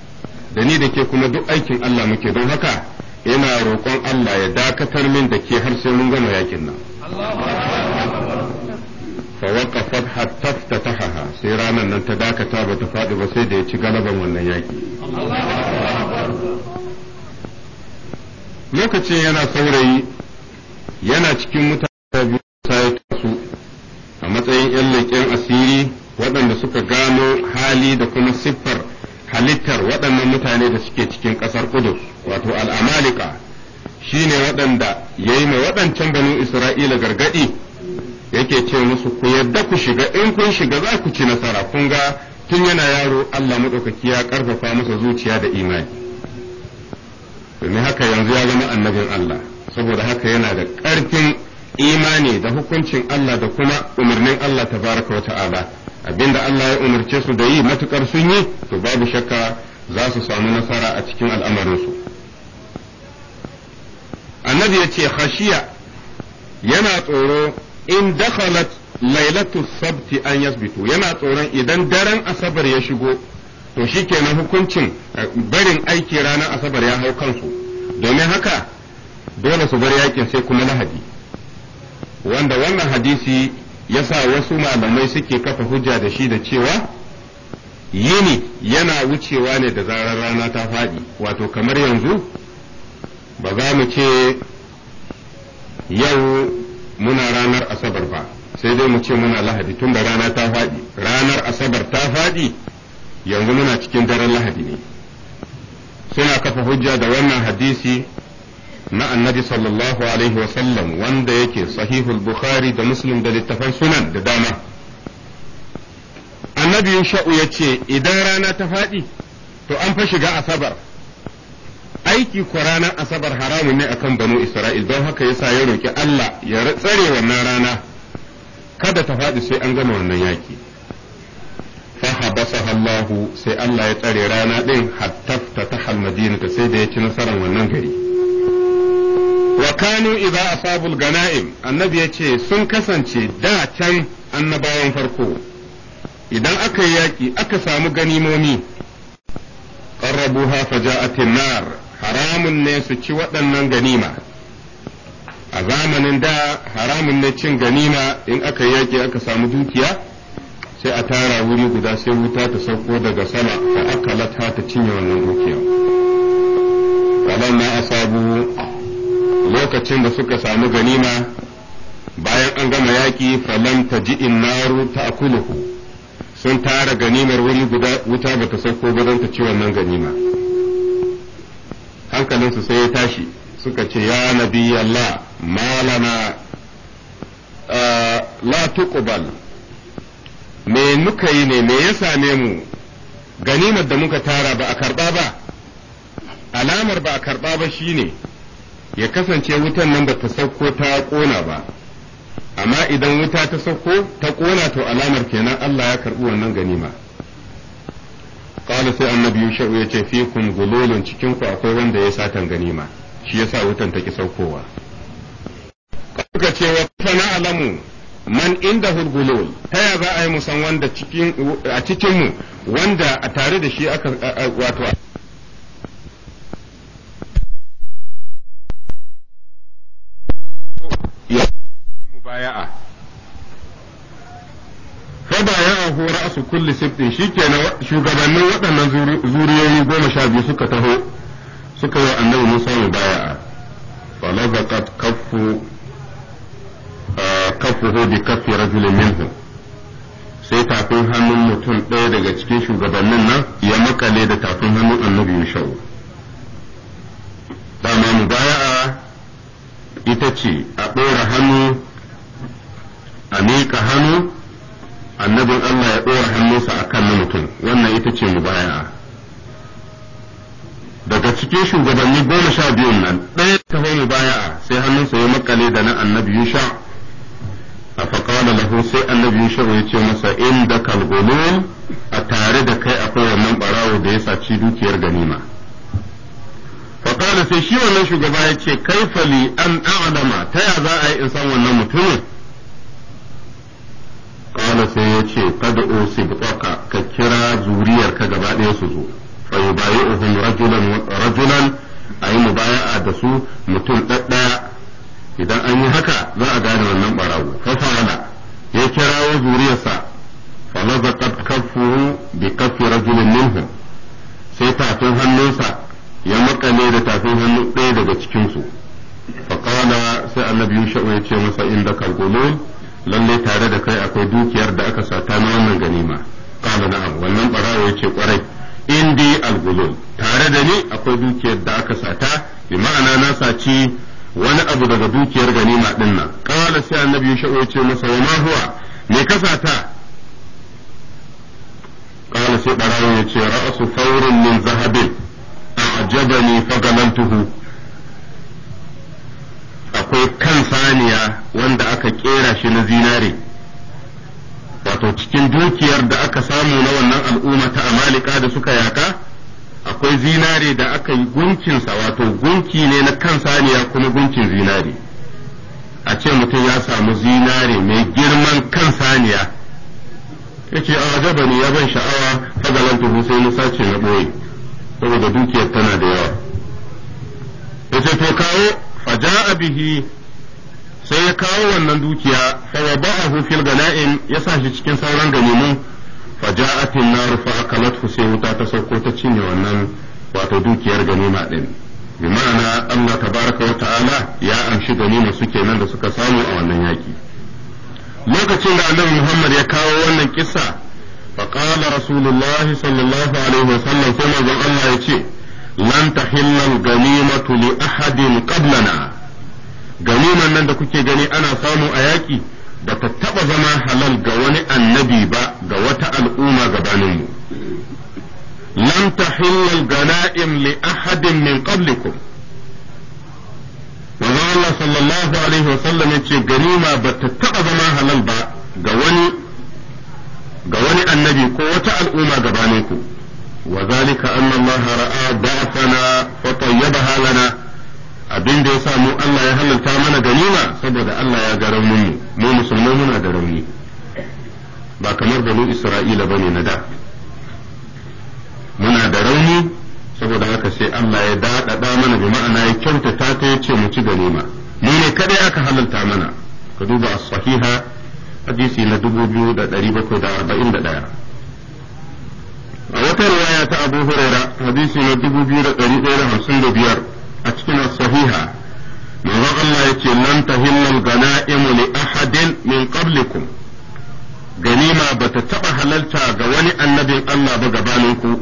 da ni da ke kuma duk aikin Allah muke don haka ina roƙon Allah ya dakatar min da ke har sai mun gama yakin nan fa waqafat ta ftataha sai ranar nan ta dakata ba ta faɗi ba sai da ya ci galaban wannan yaki lokacin yana saurayi yana cikin mutane biyu sai su a matsayin 'yan leƙen asiri waɗanda suka gano hali da kuma siffar halittar waɗannan mutane da suke cikin ƙasar Kudus wato al'amalika shi ne waɗanda ya yi mai waɗancan banu Isra'ila gargaɗi yake ce musu ku yadda ku shiga in kun shiga za ku ci nasara kun ga tun yana yaro Allah maɗaukaki ya ƙarfafa masa zuciya da imani domin haka yanzu ya zama annabin Allah saboda haka yana da ƙarfin imani da hukuncin Allah da kuma umarnin Allah ta baraka wa ta'ala abinda Allah ya umarce su da yi matukar sun yi to babu shakka za su samu nasara a cikin al'amarinsu annabi ya ce khashiya yana tsoro in dakhalat lailatu sabti an yasbitu yana tsoron idan daren asabar ya shigo to shikenan hukuncin eh, barin aiki ranar asabar ya hau kansu domin haka dole su bar yakin sai kuma lahadi wanda wannan hadisi yasa wasu malamai suke kafa hujja da shi da cewa yini yana wucewa ne da zarar rana ta faɗi wato kamar yanzu ba za mu ce yau muna ranar asabar ba sai dai mu ce muna lahadi tun da rana ta faɗi ranar asabar ta faɗi yanzu muna cikin daren lahadi ne suna kafa hujja da wannan hadisi na annabi sallallahu alaihi wasallam wanda yake sahihul bukhari da muslim da littafan sunan da dama annabi sha'u ya ce idan rana ta faɗi to an fa shiga asabar aiki ko ranar asabar haramun ne akan banu isra'il don haka yasa ya roki Allah ya tsare wannan rana kada ta faɗi sai an gama wannan yaki fahabasaha Allahu sai Allah ya tsare rana ɗin hatta ta tahal madinata sai da ya ci nasarar wannan gari wa kanu idza asabul ganaim annabi yace sun kasance da can annabawan farko idan aka yi yaki aka samu ganimomi hafaja a nar haramun ne su ci waɗannan ganima a zamanin da haramun ne cin ganima in aka yi yaki aka samu dukiya sai a tara wuri guda sai wuta ta sauko daga sama fa akalata ta cinye wannan dukiya walamma asabu lokacin da suka samu ganima bayan an gama yaƙi falam ta ji innaru ta akuluhu sun tara ganimar wuri guda wuta ta sauko ba don ta ci wannan ganima hankalinsu sai ya tashi suka ce ya nabi Allah malama la tuqbal me muka yi ne me ya same mu ganimar da muka tara ba a karba ba alamar ba a karba ba shine ya kasance wutan nan ba ta sauko ta kona ba amma idan wuta ta sauko ta kona to alamar kenan Allah ya karɓi wannan ganima qala sai annabi yushau ya ce kun gululun cikin ku akwai wanda ya satan ganima shi yasa wutan ta ki saukowa Kuka ce wa fana alamu man inda hulgulul ta ya za a yi musan wanda a cikinmu wanda a tare da shi aka wato mubaya'a fada ya ahu ra'su kulli sibtin shikenan shugabannin waɗannan zuriyoyi goma sha biyu suka taho suka yi annabi Musa mubaya'a falazaqat kaffu eh, kaffuhu bi kaffi rajulin minhu sai tafin hannun mutum ɗaya daga cikin shugabannin nan ya makale da tafin hannun annabi Yushau dama mubaya'a ita ce a ɗora hannu a miƙa hannu annabin Allah ya ɗora hannunsa a kan na mutum wannan ita ce mu mubaya'a daga cikin shugabanni goma sha biyu nan ɗaya ta hau mubaya'a sai hannunsa ya makale da na annabi Yusha a faƙala lahu sai annabi Yusha ya ce masa in da kalgulun a tare da kai akwai wannan ɓarawo da ya saci dukiyar ganima da sai shi wannan shugaba ya ce kai fali an a'lama ta ya za a yi in san wannan mutumin sai yace ka ka kira zuriyar قال سيتي تدعو سبطك ككرا زورير كجباء يسوزو فيبايعهم رجلا رجلا أي مبايعة دسو mutum تدعى idan an yi haka za a gane wannan barawo fasala ya kirawo zuriyarsa falazaqat kaffuhu bi kaffi rajulin minhum sai tafin hannunsa ya maƙale da tafin hannu ɗaya daga cikinsu faƙala sai annabi yusha'u ya ce masa inda kalgulun lalle tare da kai akwai dukiyar da aka sata na wannan ganima qala na'am wannan barawo yace kwarai indi al tare da ni akwai dukiyar da aka sata bi ma'ana na saci wani abu daga dukiyar ganima din nan sai annabi sha'u yace masa wa ma huwa me ka sata qala sai barawo yace ra'su fawrin min zahabin a'jabani tuhu. akwai kan saniya wanda aka kera shi na zinare wato cikin dukiyar da aka samu na wannan al'umma ta amalika da suka yaka akwai zinare da aka yi gunkinsa wato gunki ne na kan saniya kuma gunkin zinare a ce mutum ya samu zinare mai girman kan saniya yake a ajaba ne ya ban sha'awa fagalan sai na sace na ɓoye saboda dukiyar tana da yawa ce to kawo faja'a bihi sai ya kawo wannan dukiya fa wada'ahu fil ganaim ya sa shi cikin sauran ganimun faja'at an-nar fa akalathu sai wuta ta sauko ta cinye wannan wato dukiyar ganima din bi ma'ana Allah tabaraka wa ta'ala ya amshi ganima su kenan da suka samu a wannan yaki lokacin da Annabi Muhammad ya kawo wannan kissa fa qala rasulullahi sallallahu alaihi wasallam sai manzon Allah ya ce lan tahilla al-ganimatu li ahadin qablana ganiman nan da kuke gani ana samu a yaki ba ta taba zama halal ga wani annabi ba ga wata al'umma gabaninmu lan tahilla al-ganaim li ahadin min qablikum manzo Allah sallallahu alaihi wasallam yace ganima ba ta taba zama halal ba ga wani ga wani annabi ko wata al'umma gabaninku ku وذلك أن الله رأى ضعفنا فطيبها لنا abin da ya sa mu Allah ya halalta mana ganima saboda Allah ya ga raunin mu mu musulmai muna da rauni ba kamar banu Isra'ila ba ne na da muna da rauni saboda haka sai Allah ya daɗaɗa mana bi ma'ana ya kyautata ta ce mu ci ganima mu ne kaɗai aka halalta mana ka duba as-sahiha hadisi na da da ɗaya. a wata riwaya ta Abu Huraira hadisi na biyar a cikin sahiha manzon Allah yace lan tahillal ganaimu li ahadin min qablikum ganima bata taba halalta ga wani annabin Allah ba gabaninku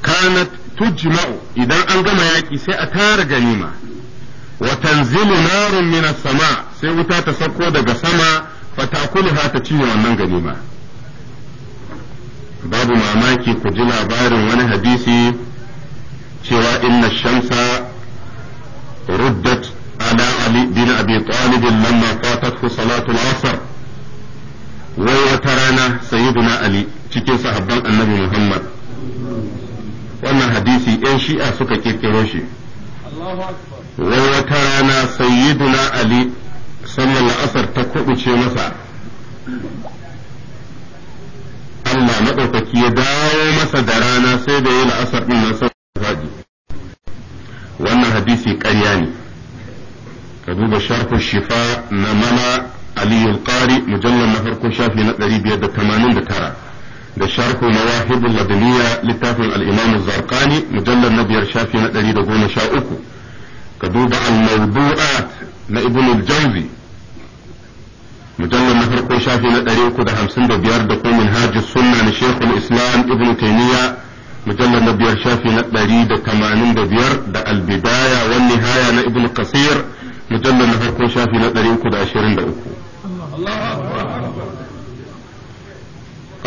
kanat tujma'u idan an gama yaki sai a tara ganima wa tanzilu narun minas sama sai wuta ta sako daga sama fatakuluha ta cinye wannan ganima babu mamaki ku ji labarin wani hadisi cewa inna shamsa ruddat ala ali bin abi talib lamma fatathu salatu al-asr wai wata rana sayyiduna ali cikin sahabban annabi muhammad wannan hadisi yan shi'a suka kirkiro shi wai wata rana sayyiduna ali sallar la'asar ta kubuce masa Allah maɗaukaki ya dawo masa da rana sai da ya la'asar ɗin na sau wannan hadisi ƙarya ne ka duba sharhu shifa na mala aliyu qari mujallar na farko shafi na ɗari biyar da tamanin da tara da sharhu mawahibul ladaniya littafin al zarkani mujallar na biyar shafi na ɗari da goma sha uku ka duba al-mawdu'at na ibn al-jawzi mujallar na farko shafi na ɗari uku da hamsin da biyar da kuma minhajus sunna na islam ibn taimiyya mujallar na biyar shafi na ɗari da tamanin da biyar da albidaya wani haya na ibn kasir mujallar na farko shafi na ɗari uku da ashirin da uku.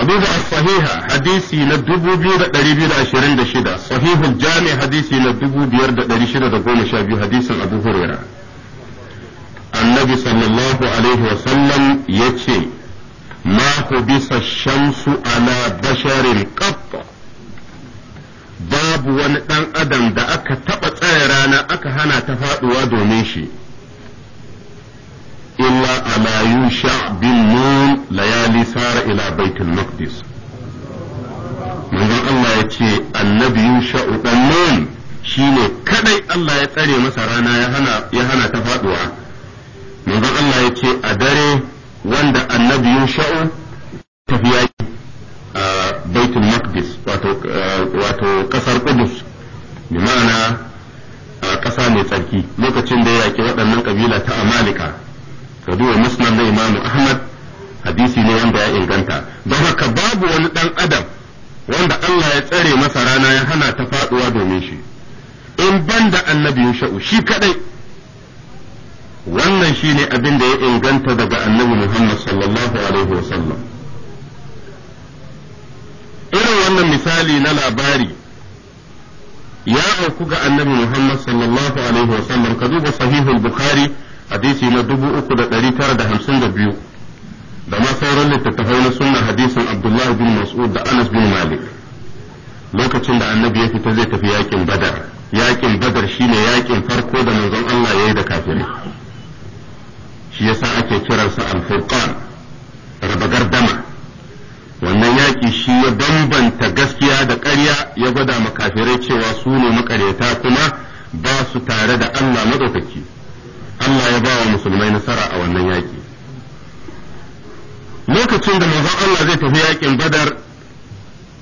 الصحيحة حديثي ندبو بير داري بير عشرين دشدة صحيح الجامع حديثي ندبو بير داري شدة دقوم شابي حديث أبو هريرة annabi sallallahu alaihi wasallam ya ce ma ku bisa shamsu ala basharin ƙafa babu wani ɗan adam da aka taɓa tsaya rana aka hana ta faɗuwa domin shi illa ala yusha bin nun layali sara ila baitul maqdis manzon Allah ya ce annabi yusha ɗan nun shine kadai Allah ya tsare masa rana ya hana ta faɗuwa yanzu Allah ya ce a dare wanda annabi Yusha'u tafi yaki a Baitul Maqdis wato kasar Qudus bi ma'ana kasa mai tsarki lokacin da ya yaki waɗannan kabila ta Amalika ka duba musnad da imamu Ahmad hadisi ne wanda ya inganta don haka babu wani dan adam wanda Allah ya tsare masa rana ya hana ta faduwa domin shi in banda annabi sha'o shi kadai wannan shi ne abin da ya inganta daga annabi Muhammad sallallahu alaihi wasallam irin wannan misali na labari ya auku ga annabi Muhammad sallallahu alaihi wasallam ka duba sahihul bukhari hadisi na 3952 da ma sauran littattafai na sunna hadisin Abdullah bin Mas'ud da Anas bin Malik lokacin da annabi ya fita zai tafi yakin Badar yakin Badar shine yakin farko da manzon Allah ya yi da kafirai shi yasa ake kiransa al-furqan raba gardama wannan yaƙi shi ya bambanta gaskiya da ƙarya ya gwada makafirai cewa su ne makaryata kuma ba su tare da Allah madaukaki Allah ya ba wa musulmai nasara a wannan yaƙi lokacin da manzon Allah zai tafi yaƙin badar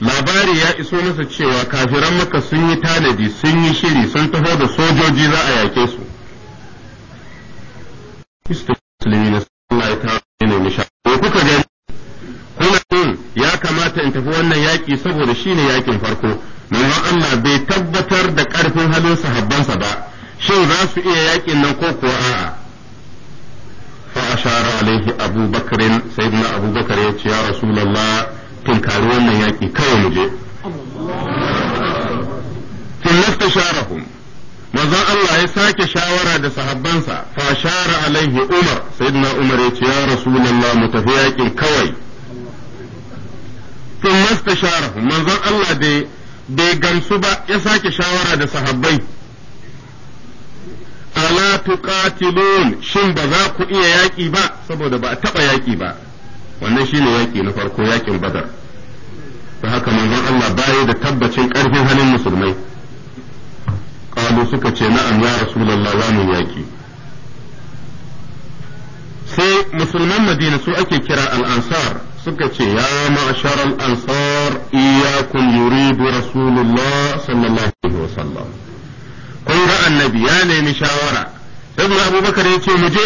labari ya iso masa cewa kafiran maka sun yi tanadi sun yi shiri sun taho da sojoji za a yaƙe su kisto musulmi na suna ya tara ne nisha ko kuka gani kuna yin ya kamata in tafi wannan yaƙi saboda shine yaƙin farko manzon Allah bai tabbatar da ƙarfin halin sahabbansa ba shin za su iya yaƙin nan ko kuwa a'a fa ashara alaihi abu bakarin sayyidina abu bakar ya ce ya rasulullah tunkari wannan yaƙi kawai mu je ثم استشارهم manzon Allah ya sake shawara da sahabbansa fa shara alaihi Umar sayyidina Umar ya ce ya rasulullah mu tafi yakin kawai tun mastashara manzon Allah da bai gamsu ba ya sake shawara da sahabbai ala tuqatilun shin ba za ku iya yaƙi ba saboda ba a taɓa yaƙi ba wannan shine yaƙi na farko yaƙin badar ta haka manzon Allah baya da tabbacin ƙarfin halin musulmai qalu suka ce na'am ya rasulullah za mu yaki sai musulman madina su ake kira al'ansar ansar suka ce ya ma'ashar al-ansar iyyakum yuridu rasulullah sallallahu alaihi wasallam kun ga annabi ya nemi shawara sai abubakar ya ce mu je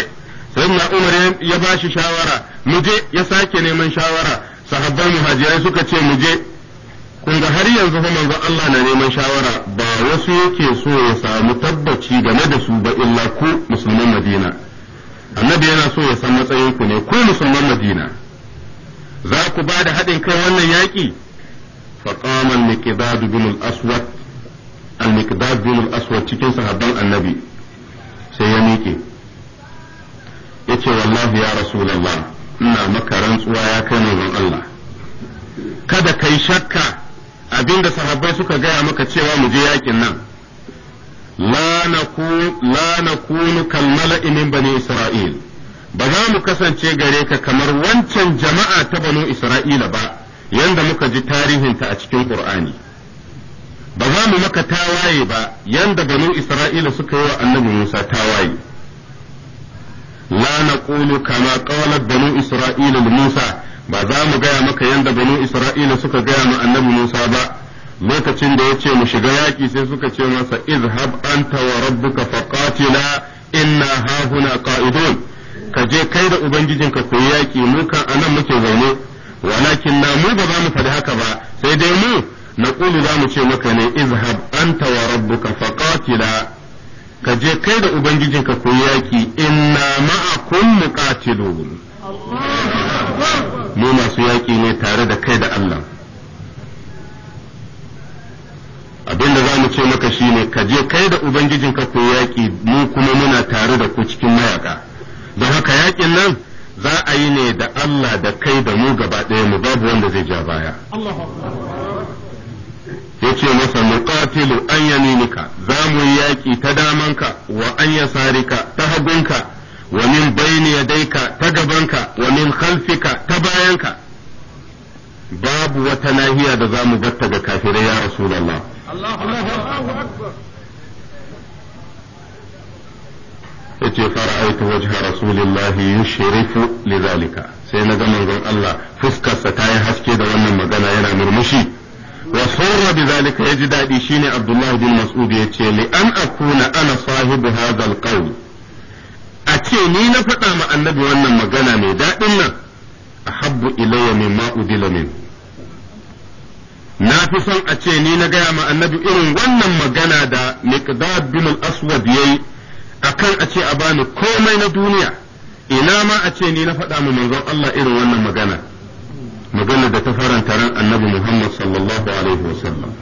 sai umar ya bashi shawara muje ya sake neman shawara sahabban muhajirai suka ce mu kun ga har yanzu fa manzon Allah na neman shawara ba wasu yake so ya samu tabbaci game da su ba illa ku musulman Madina annabi yana so ya san matsayin ku ne ku musulman Madina za ku ba da haɗin kai wannan yaƙi al-aswad al الأسود bin al-aswad cikin sahabban annabi sai ya miƙe yace wallahi ya rasulullah ina maka rantsuwa ya kai manzon Allah kada kai shakka abinda sahabbai suka gaya maka cewa mu je yakin nan la nakunu kal mala'i min bani isra'il ba za mu kasance gare ka kamar wancan jama'a ta banu isra'ila ba yanda muka ji tarihinta a cikin qur'ani ba za mu maka tawaye ba yanda banu isra'ila suka yi wa annabi musa tawaye la naqulu kama qalat banu isra'ila li musa ba za mu gaya maka yadda banu isra'ila suka gaya ma annabi musa ba lokacin da ya ce mu shiga yaƙi sai suka ce masa izhab anta wa rabbuka faqatila inna hahuna qa'idun ka je kai da ubangijinka ku yaƙi mu kan anan muke zaune walakin na mu ba za mu faɗi haka ba sai dai mu na ƙulu za mu ce maka ne izhab anta wa rabbuka faqatila ka je kai da ubangijinka ku yaƙi inna ma'akum muqatilun mu masu yaƙi ne tare da kai da Allah abinda za mu ce maka shine ka je kai da ubangijinka ku yaƙi mu kuma muna tare da ku cikin mayaƙa don haka yaƙin nan za a yi ne da Allah da kai da mu gaba ɗaya mu babu wanda zai ja baya yace masa muqatilu an yaminika za mu yaƙi ta damanka wa an yasarika ta hagunka wa min bayni yadayka ta gabanka wanin min khalfika ta bayanka babu wata nahiya da za mu batta ga kafirai ya rasulullah yace fara'aitu wajha rasulillahi yushrifu lidhalika sai na ga manzon Allah fuskarsa ta yi haske da wannan magana yana murmushi wa sarra bidhalika daɗi dadi shine Abdullah bin Mas'ud ce li an akuna ana sahibu hadha alqawl a ce ni na faɗa ma annabi wannan magana mai daɗin nan a habbu ilayya min ma'udila min na fi son a ce ni na gaya ma annabi irin wannan magana da miqdad bin al-aswad yayi akan a ce a bani komai na duniya ina ma a ce ni na faɗa ma manzon Allah irin wannan magana magana da ta faranta ran annabi Muhammad sallallahu alaihi wasallam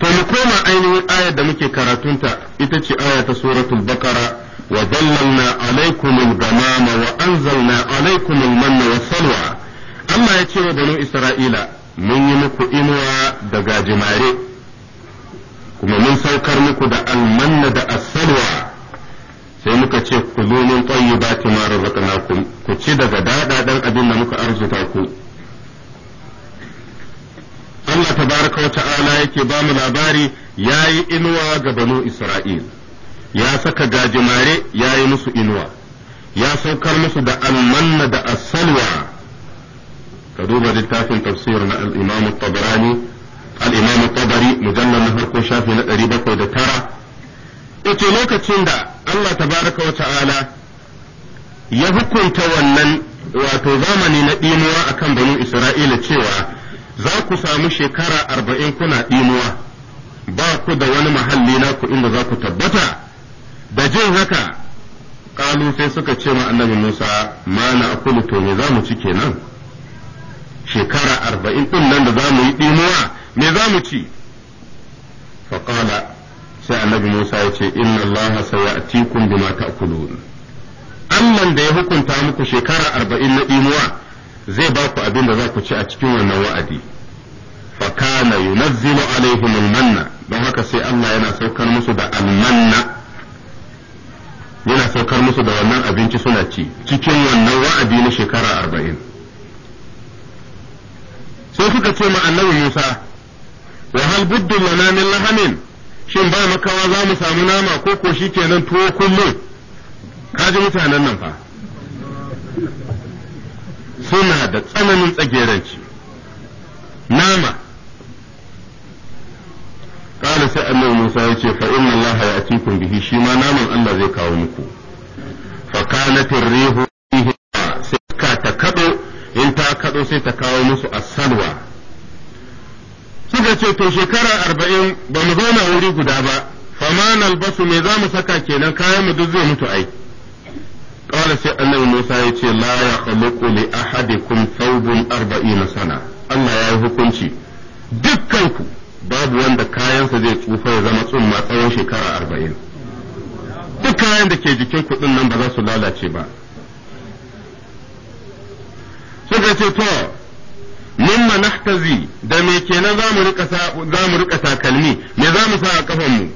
to mu koma ainihin ayar da muke karatunta ita ce aya ta suratul bakara wa dallalna alaikumul ghamama wa anzalna alaikumul manna wa salwa Allah ya ce wa banu Isra'ila mun yi muku inuwa da gajimare kuma mun saukar muku da almanna da salwa sai muka ce ku zo mun tayyibati ma razaqnakum ku ci daga dadadan abin da muka arzuta ku Allah tabaraka wa ta'ala yake ba mu labari ya yi inuwa ga banu Isra'il, ya saka gajimare ya yi musu inuwa, ya saukar musu da almanna da asalwa. Ka duba littafin tafsir na al'imamu tabarani, tabari mujallar na harko shafi na ɗari bakwai da tara. Ita lokacin da Allah tabaraka wa ta'ala ya hukunta wannan wato zamani na ɗinuwa akan banu Isra'ila cewa za ku samu shekara arba'in kuna ɗinuwa ba ku da wani mahalli na ku inda za ku tabbata da jin haka ƙalu sai suka ce ma annabi musa ma na akulu to me za mu ci kenan shekara arba'in ɗin nan da za mu yi ɗinuwa me za mu ci faƙala sai annabi musa ya ce inna allaha sayatikum bima ta'kulun Allah da ya hukunta muku shekara arba'in na ɗinuwa zai ba ku abin da za ku ci a cikin wannan wa'adi fakana yunazzilu alaihim almanna don haka sai Allah yana saukar musu da almanna yana saukar musu da wannan abinci suna ci cikin wannan wa'adi na shekara arba'in sai suka ce ma annabi Musa wa hal buddu lana min lahamin shin ba makawa za mu samu nama ko ko shikenan tuwo kullum kaji mutanen nan fa suna da tsananin tsageranci nama kala sai annabi Musa ya ce fa inna Allah ya atikum bihi shi ma naman Allah zai kawo muku fa kana ar bihi sai ka ta kado in ta kado sai ta kawo musu asalwa suka ce to shekara arba'in ba mu zauna wuri guda ba fama basu me za mu saka kenan kayan mu duk zai mutu ai Kala sai annabi Musa ya ce la ya khaluqu li ahadikum thawbun arba'ina sana. Allah ya yi hukunci dukkanku babu wanda kayansa zai tsufa ya zama tsumma tsawon shekara arba'in. Duk kayan da ke jikin kuɗin nan ba za su lalace ba. Suka ce to mimma nahtazi da me kenan za mu rika takalmi me za mu sa a kafanmu mu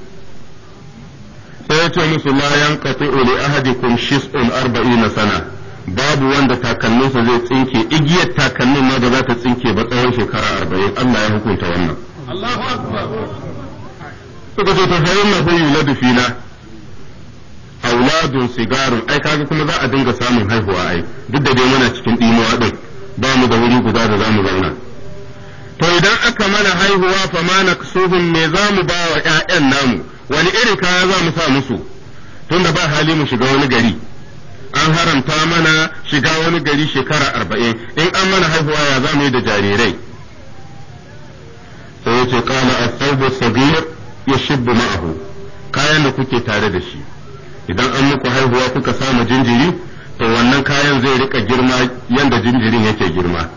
sai ya ce musu la kafi uli ahadikum shiz'un arba'ina sana babu wanda takalminsa zai tsinke igiyar takalmin ma ba za ta tsinke ba tsawon shekara arba'in Allah ya hukunta wannan Allahu akbar suka ce ta sayan na bayu fina auladun sigarun ai kaga kuma za a dinga samun haihuwa ai duk da dai muna cikin dimuwa din ba mu da wuri guda da za mu zauna to idan aka mana haihuwa fa ma naksuhum me za mu ba wa 'ya'yan namu wani irin kaya za mu sa musu tunda ba hali mu shiga wani gari an haramta mana shiga wani gari shekara arba'in in an mana haihuwa ya za mu yi da jarirai sai kala a as sabir ya yashibbu ma'ahu kayan da kuke tare da shi idan an muku haihuwa kuka samu jinjiri to wannan kayan zai rika girma yadda jinjirin yake girma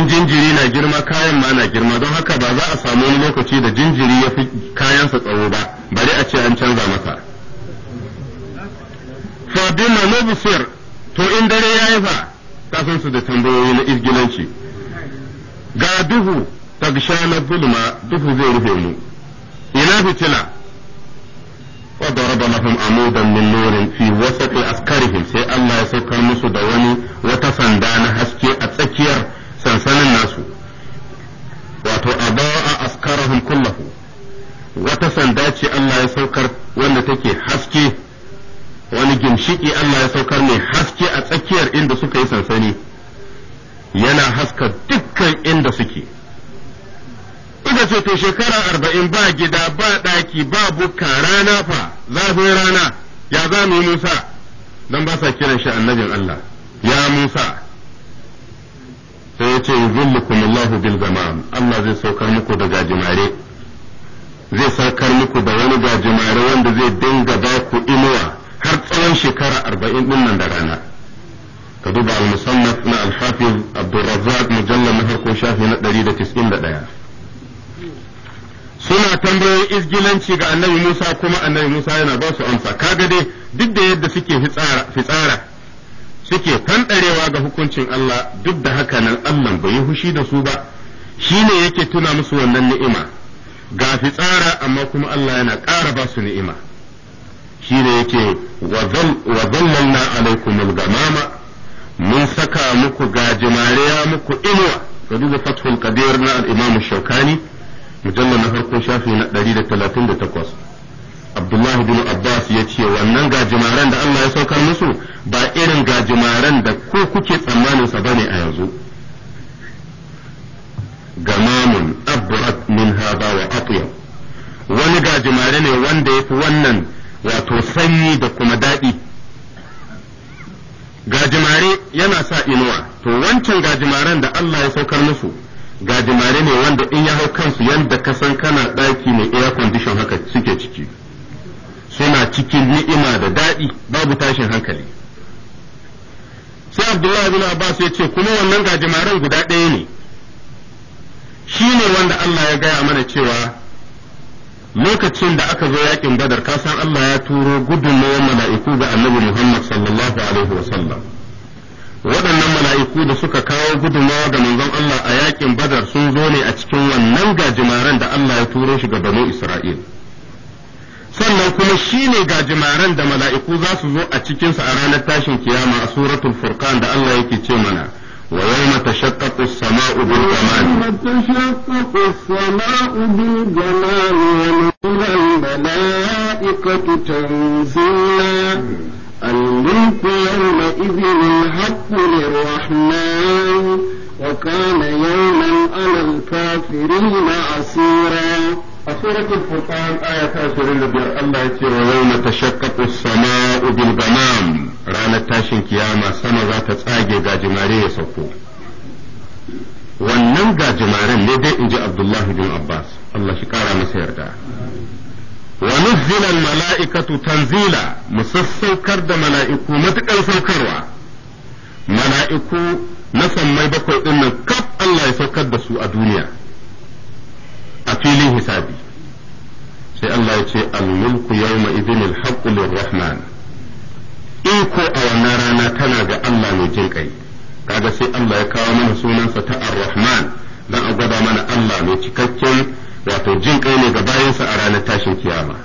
in jinjiri na girma kayan ma na girma don haka ba za a samu wani lokaci da jinjiri ya fi kayansa tsawo ba bari a ce an canza masa fadima nubsir to in dare yayi fa kasan su da tambayoyi na izgilanci ga duhu tagsha na zulma duhu zai rufe mu ina fitila وضرب لهم عمودا fi نور في askarihim sai Allah ya saukar musu da wani wata sanda na haske a tsakiyar sansanin nasu wato a askarahum kullahu wata sanda ce Allah ya saukar wanda take haske wani ginshiki Allah ya saukar mai haske a tsakiyar inda suka yi sansani yana haska dukkan inda suke ita ce to shekara arba'in ba gida ba ɗaki ba bukka rana fa zafin rana ya za mu yi musa don ba sa kiran shi annabin Allah ya musa sai ya yuzillukum Allahu bil zaman Allah zai saukar muku da gajimare zai saukar muku da wani gajimare wanda zai dinga ba ku inuwa har tsawon shekara arba'in din nan da rana ka duba al-musannaf na al-hafiz Abdurrazzaq mujallal na farko shafi na 191 suna tambayoyin izgilanci ga annabi Musa kuma annabi Musa yana ba su amsa kaga dai duk da yadda suke fitsara fitsara suke fanɗarewa ga hukuncin Allah duk da haka nan Allah bai yi hushi da su ba shi ne yake tuna musu wannan ni'ima ga tsara amma kuma Allah yana ƙara ba su ni'ima ne yake wa zallalna al gamama mun saka muku gajimariya muku inuwa ga duba fathul qadir na al-imam shaukani mujallal na farko shafi na 138 Abdullahi bin Abbas ya ce wannan gajimaren da Allah ya saukar musu ba irin gajimaren da ko kuke tsammanin sa bane a yanzu. Gamamun abrat min hada wa atyab wani gajimare ne wanda ya fi wannan wato sanyi da kuma daɗi. Gajimare yana sa inuwa, to wancan gajimaren da Allah ya saukar musu gajimare ne wanda in ya hau kansu yadda kasan kana ɗaki mai air condition haka suke ciki. suna cikin ni'ima da daɗi babu tashin hankali sai abdullahi bin abbas ya ce kuma wannan gajimaren guda ɗaya ne shi ne wanda allah ya gaya mana cewa lokacin da aka zo yakin badar kasan allah ya turo gudunmawar mala'iku ga annabi muhammad sallallahu alaihi wasallam waɗannan mala'iku da suka kawo gudunmawa ga manzon allah a yakin badar sun zo ne a cikin wannan gajimaren da allah ya turo shi ga banu isra'il sannan kuma shi ne ga da mala’iku za su zo a cikinsa a ranar tashin kiyama a suratul furqan da Allah yake ce mana wa yau mata shakkaku sama ubin gamani mata shakkaku sama ubin gamani wa nuran mala’ikatu tanzila al-mulku yawma idhin al-haqqu lir-rahman wa kana yawman 'asira a suratul furqan aya ta 25 Allah ya ce wa yawma tashaqqaqu as-sama'u bil ghamam ranar tashin kiyama sama za ta tsage gajimare ya sauko wannan gajimaren ne dai inji Abdullahi bin Abbas Allah shi kara masa yarda Wani nuzzila al-mala'ikatu tanzila musassaukar da mala'iku matukar saukarwa mala'iku na sammai bakwai ɗinnan kaf Allah ya saukar da su a duniya a filin hisabi sai Allah ya ce al-mulku yawma idhin al-haqqu lir-rahman iko a wannan rana tana ga Allah mai jin kai kaga sai Allah ya kawo mana sunansa ta ar-rahman dan a gwada mana Allah mai cikakken wato jin kai ne ga bayansa a ranar tashin kiyama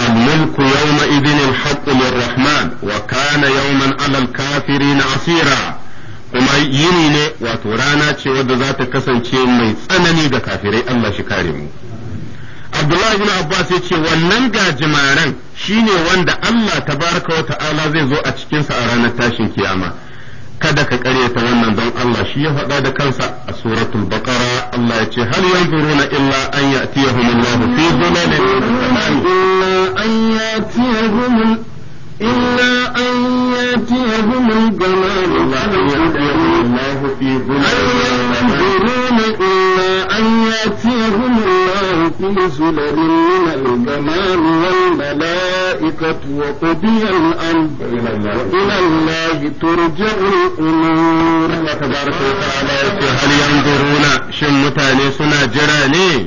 الملك يومئذ الحق للرحمن وكان يوما kafiri na asira. kuma yini ne wato rana ce wadda za ta kasance mai tsanani ga kafirai Allah shi kare mu Abdullahi bin Abbas ya ce wannan gajimaren shine wanda Allah tabaraka wa ta'ala zai zo a cikinsa a ranar tashin kiyama kada ka karyata wannan don Allah shi ya faɗa da kansa a suratul baqara Allah ya ce hal yanzuruna illa an ya'tiyahum Allahu fi dhulalin إلا أن يأتيهم الجمال الله في ينظرون إلا أن يأتيهم الله في زلل من الجمال والملائكة وقضي الأمر إلى الله ترجع الأمور تبارك وتعالى هل ينظرون شم متاني سنا جراني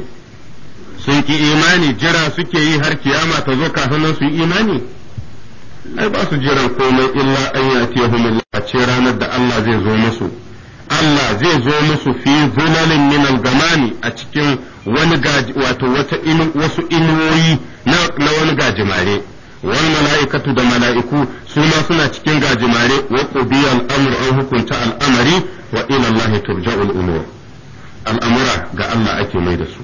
sun ki imani jira suke yi har kiyama ta zo kafin su yi imani ai ba su jiran komai illa an yatihum A ce ranar da Allah zai zo musu Allah zai zo musu fi zulalin min gamani a cikin wani wato wata wasu inuwoyi na wani gajimare Wani mala'ikatu da mala'iku su ma suna cikin gajimare wa qudiya al-amru an hukunta al-amari wa ila Allah turja'ul umur al'amura ga Allah ake mai da su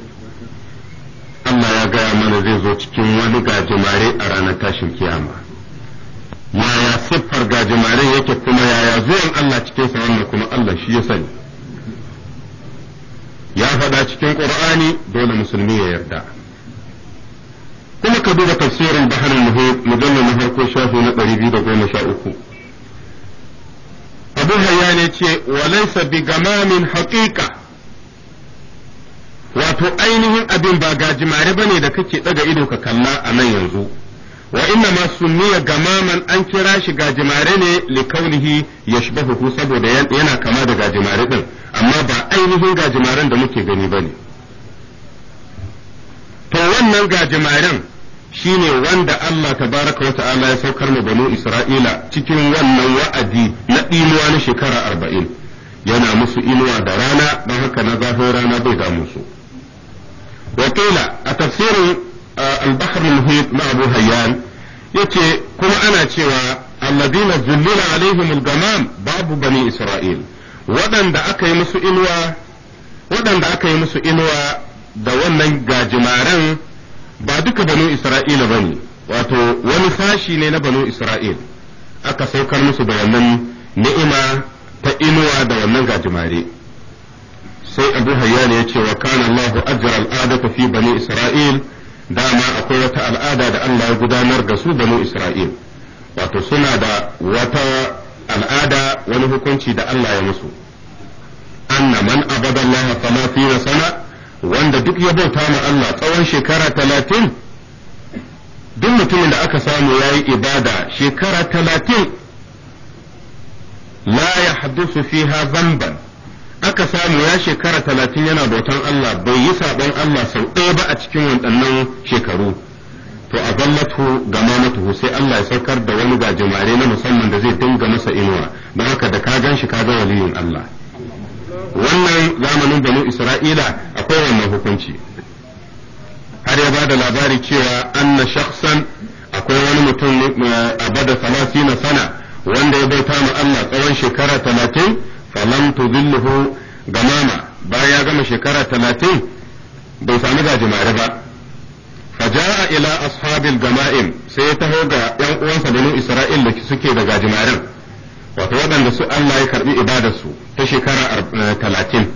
Allah ya gaya mana zai zo cikin wani gajimare a ranar tashin kiyama yaya siffar gajimare yake kuma yaya zuwan Allah cikinsa wannan kuma Allah shi ya sani ya faɗa cikin ƙur'ani dole musulmi ya yarda kuma ka duba tafsirin baharin mujallar na harko shafi na ɗari biyu da goma sha uku abu hayya ne ce walaisa bi gamamin haƙiƙa wato ainihin abin ba gajimare bane da kake ɗaga ido ka kalla a nan yanzu wa inna ma sunniya gamaman an kira shi gajimare ne li kaunihi yashbahu saboda yana kama da gajimare din amma ba ainihin gajimaren da muke gani bane to wannan gajimaren shine wanda Allah baraka wa ta'ala ya saukar mu banu Isra'ila cikin wannan wa'adi na ɗinuwa na shekara arba'in yana musu inuwa da rana dan haka na zafin rana bai damu su wakila a tafsirin al-bahr al na Abu Hayyan yace kuma ana cewa alladina zullila alaihim babu waɗanda aka yi musu inuwa waɗanda aka yi da wannan gajimaren ba duka banu Isra'ila bane wato wani sashi ne na banu Isra'il aka saukar musu da wannan ni'ima ta inuwa da wannan gajimare sai Abu ya ce wa kana Allahu ajra al-adata fi bani Isra'il dama akwai wata al'ada da Allah ya gudanar da su banu Isra'il wato suna da wata al'ada wani hukunci da Allah ya musu anna man abada Allah na sana wanda duk ya bauta ma Allah tsawon shekara talatin duk mutumin da aka samu ya yi ibada shekara talatin la ya haddusu fiha zamban aka samu ya shekara talatin yana bautan Allah bai yi saɓon Allah sau ɗaya ba a cikin waɗannan shekaru to a zallatu ga mamatu sai Allah ya saukar da wani gajimare na musamman da zai dinga masa inuwa don haka da ka gan shi ka ga waliyin Allah wannan zamanin banu Isra'ila akwai wannan hukunci har ya ba da labari cewa anna shakhsan akwai wani mutum eh, a bada na sana wanda ya bauta ma Allah tsawon shekara talatin falam tudilluhu gamama bayan ya gama shekara talatin bai sami gajimare ba a ila ashabil gama'im sai ya taho ga yan uwansa banu isra'il da suke da gajimaren wato wadanda su Allah ya karbi su ta shekara eh, talatin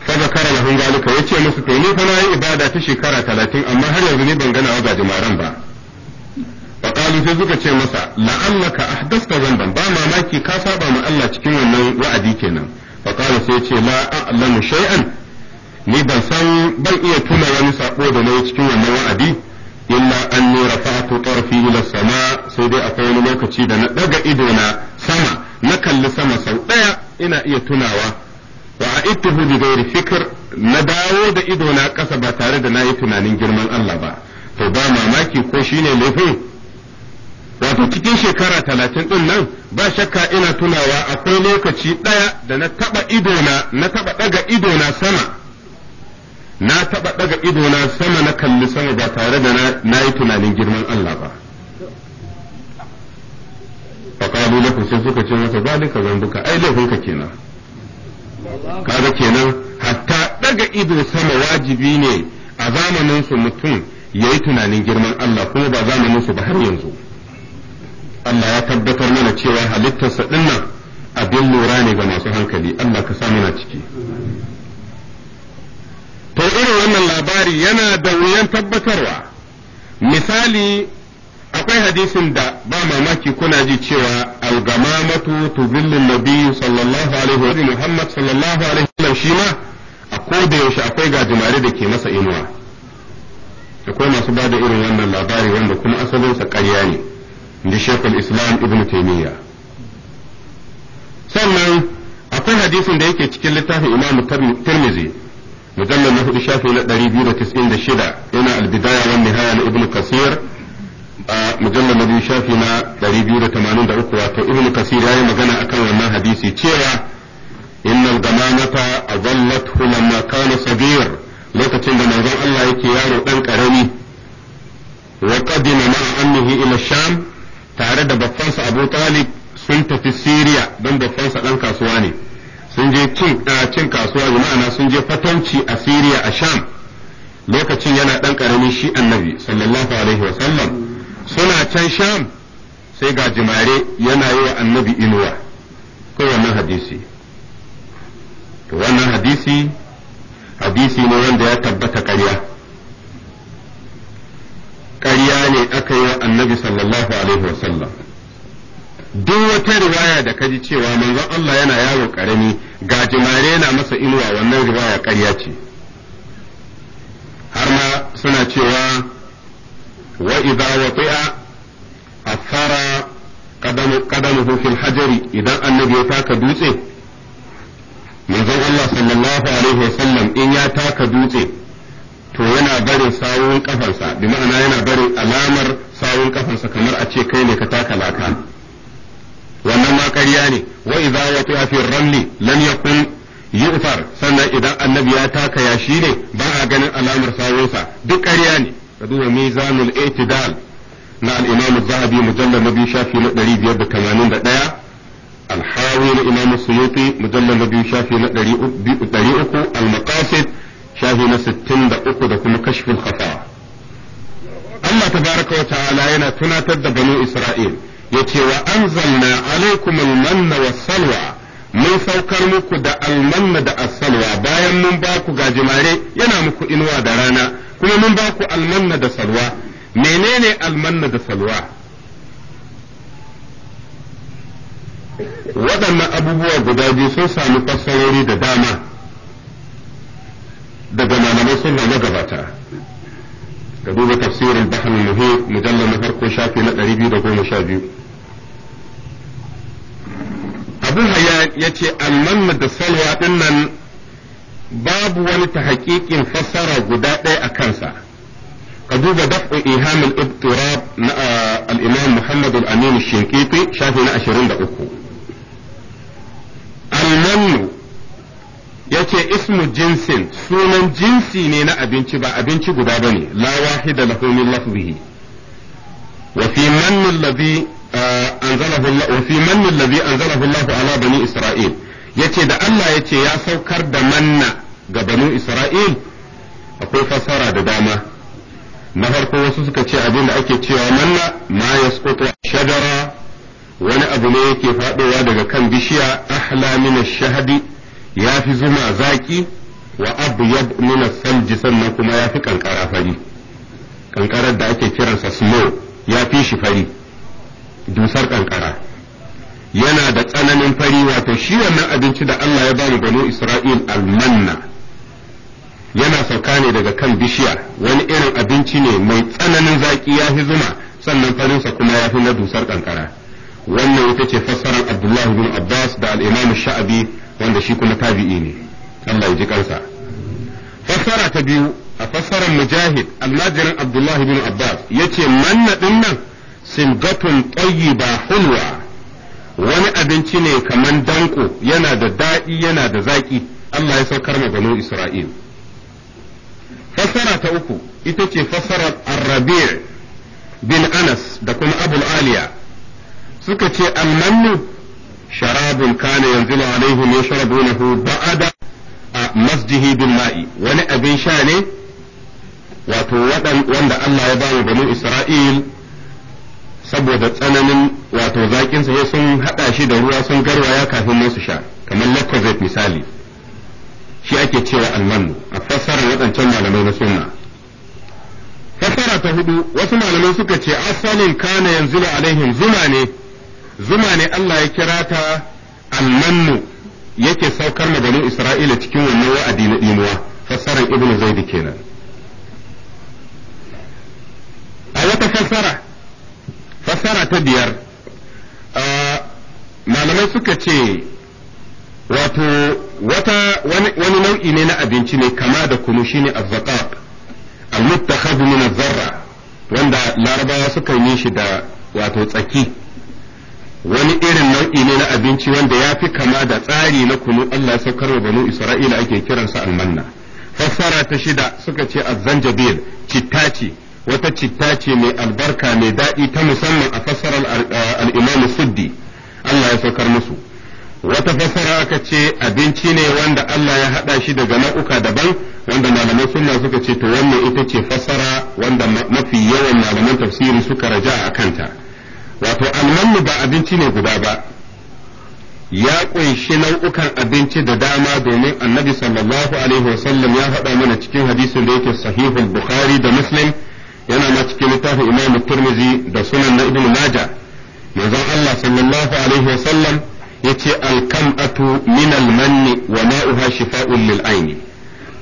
fazakara lahun galika ya ce musu to ni fa na yi ibada ta shekara talatin amma har yanzu ni ban gana wa gajimaren ba faƙalu sai suka ce masa la'allaka ahdasta zanban ba mamaki ka saba ma Allah cikin wannan wa'adi kenan faƙalu sai ce la a'lamu shay'an ni ban san ban iya tuna wani sako da nayi cikin wannan wa'adi illa anni rafa'tu tarfi ila sama sai dai akwai wani lokaci da na daga ido na sama na kalli sama sau daya ina iya tunawa wa a'idtuhu bi ghairi fikr na dawo da ido na ƙasa ba tare da nayi tunanin girman Allah ba to ba mamaki ko shine laifin wato cikin shekara talatin ɗin nan ba shakka ina tunawa akwai lokaci ɗaya da na taɓa idona na taɓa ɗaga idona sama na taɓa ɗaga idona sama na kalli sama ba tare da na yi tunanin girman Allah ba faƙalu lakum sai suka ce masa zalika zambuka ai ka kenan kaga kenan hatta ɗaga ido sama wajibi ne a zamanin su mutum yayi tunanin girman Allah kuma ba zamanin su ba har yanzu Allah ya tabbatar mana cewa halittarsa dinnan abin lura ne ga masu hankali Allah ka sa na ciki to irin wannan labari yana da wuyan tabbatarwa misali akwai hadisin da ba mamaki kuna ji cewa algamamatu tubillin nabi sallallahu alaihi wa Muhammad sallallahu alaihi wa shi ma a koda yaushe akwai gajimare da ke masa inuwa akwai masu bada irin wannan labari wanda kuma asalinsa ƙarya ne da shekul islam ibn taimiyya sannan akwai hadisin da yake cikin littafin imamu tirmizi mujallar na hudu shafi na ɗari biyu da tis'in da shida yana albidaya wa nihaya na ibn kasir a na biyu shafi na ɗari biyu da tamanin da wato Ibnu kasir ya yi magana akan wannan hadisi cewa إن الغمامة أظلته لما كان صغير لوكتين da manzon Allah yake yaro ɗan ƙarami wa qadima ma annihi sham tare da babbansa Abu Talib sun tafi Siriya don babbansa ɗan kasuwa ne sun je cin kasuwa bi ma'ana sun je fatanci a Siriya a Sham lokacin yana ɗan ƙaramin shi annabi sallallahu alaihi wa sallam suna can Sham sai ga jimare yana yi wa annabi inuwa ko wannan hadisi to wannan hadisi hadisi ne wanda ya tabbata ƙarya ƙarya ne aka yi wa annabi sallallahu alaihi wasallam duk wata riwaya da kaji cewa manzon Allah yana yaro ƙarami ga jimare yana masa inuwa wannan riwaya ƙarya ce har ma suna cewa wa idza wati'a qadamu qadamuhu fil hajari idan annabi ya taka dutse manzon Allah sallallahu alaihi wasallam in ya taka dutse to yana barin sawun kafarsa bi ma'ana yana barin alamar sawun kafarsa kamar a ce kai ne ka taka laka wannan ma ƙarya ne wa idza waqi'a fi ramli lam yakun yu'thar sannan idan annabi ya taka ya shi ne ba a ganin alamar sawunsa duk ƙarya ne ka duba mizanul i'tidal na al-imam az-zahabi mujallal nabi shafi na 581 الحاوي الإمام السيوطي مجلد نبي شافي 300 المقاصد shafi na 63 da kuma kashfin khafa Allah tabaraka wa ta'ala yana tunatar da banu Isra'il yace wa anzalna alaikum almanna wassalwa mun saukar muku da almanna da asalwa bayan mun ba ku gajimare yana muku inuwa da rana kuma mun ba ku almanna da salwa menene almanna da salwa waɗannan abubuwa guda biyu sun sami fassarori da dama daga malamai sunna magabata ka duba tafsirin bahar muhit mujallar na farko shafi na 212 abu haya ya ce almanna da salwa dinnan babu wani ta hakikin fassara guda ɗaya a kansa ka duba daf'u ihamul ibtirab na al-imam muhammad al-amin shafi na 23 almannu ya ce ismu jinsin sunan jinsi ne na abinci ba abinci guda ba ne la wahida lahu min lafzihi wa fi mannu allazi uh, anzalahu ala bani Isra'il yace da Allah ya ce ya saukar da manna ga bani Isra'il akwai fasara da dama na farko wasu suka ce abin da ake cewa manna ma yasqutu shajara wani abu ne yake fadowa daga kan bishiya ahla min shahadi. shahdi ya fi zuma zaki wa abu ya nuna salji sannan kuma ya fi kankara fari kankarar da ake kiransa snow ya fi shi fari dusar kankara yana da tsananin fari wato shi wannan abinci da Allah ya bani banu Isra'il almanna yana sauka ne daga kan bishiya wani irin abinci ne mai tsananin zaki ya fi zuma sannan farinsa kuma ya fi na dusar kankara wannan ita ce fassarar Abdullahi bin Abbas da al-Imam Sha'abi wanda shi kuma tabi'i ne Allah ya ji karsa fassara ta biyu a fassarar mujahid almajirin abdullahi bin abbas ya ce mannaɗin nan simgatun tayyiba hulwa wani abinci ne kaman danko yana da daɗi yana da zaƙi Allah ya saukar ma banu Isra'il fassara ta uku ita ce fassarar Arabi' bin Anas da kuma Abul Aliya suka ce almannu sharabun kana yanzu alaihim yashrabunahu ba'ada a masjihi bil ma'i wani abin sha ne wato wanda Allah ya bawa banu Isra'il saboda tsananin wato zakin sa sun haɗa shi da ruwa sun garwaya kafin musu sha kamar lakozet misali shi ake cewa almanu a fassarar waɗancan malamai na sunna fassara ta hudu wasu malamai suka ce asalin kana yanzu alaihim zuma ne zuma ne Allah ya kira ta almannu yake saukar da ganin Isra'ila cikin wannan wa'adi na dimuwa fassarar Ibn Zaid kenan a wata fassara fassara ta biyar malamai suka ce wato wata wani nau'i ne na abinci ne kama da kunu shine azzaqaq al-muttakhadh min zarra wanda larabawa suka yi shi da wato tsaki wani irin nau'i ne na abinci wanda ya fi kama da tsari na kunu Allah ya saukar wa banu Isra'ila ake kiransa almanna fassara ta shida suka ce azzanjabil citta ce wata citta ce mai albarka mai daɗi ta musamman a fassarar al Suddi Allah ya saukar musu wata fassara aka ce abinci ne wanda Allah ya haɗa shi daga nau'uka daban wanda malaman sunna suka ce to wannan ita ce fassara wanda mafi yawan malaman tafsiri suka raja a kanta wato almannu ba abinci ne guda ba ya ƙunshi nau'ukan abinci da dama domin annabi sallallahu alaihi wasallam ya faɗa mana cikin hadisin da yake sahihul bukhari da muslim yana ma cikin littafin imam turmizi da sunan na ibn majah manzon allah sallallahu alaihi wasallam ya ce alkam'atu min almanni wa ma'uha shifa'un lil aini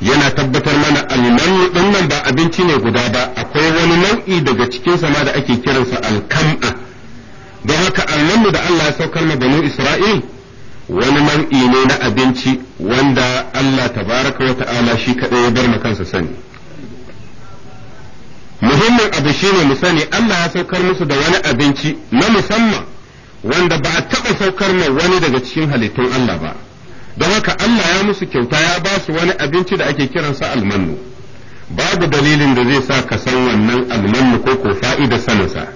yana tabbatar mana almanni din nan ba abinci ne guda ba akwai wani nau'i daga cikin sama da ake kiransa alkam'a don haka annanmu da Allah ya saukar ma banu Isra'il wani mar'i ne na abinci wanda Allah tabaraka wa ta'ala shi kaɗai ya bar kansa sani. Muhimmin abu shi ne mu sani Allah ya saukar musu da wani abinci na musamman wanda ba a taɓa saukar ma wani daga cikin halittun Allah ba. Don haka Allah ya musu kyauta ya ba su wani abinci da ake kiransa almannu. Babu dalilin da zai sa ka san wannan almannu ko ko fa'ida saninsa.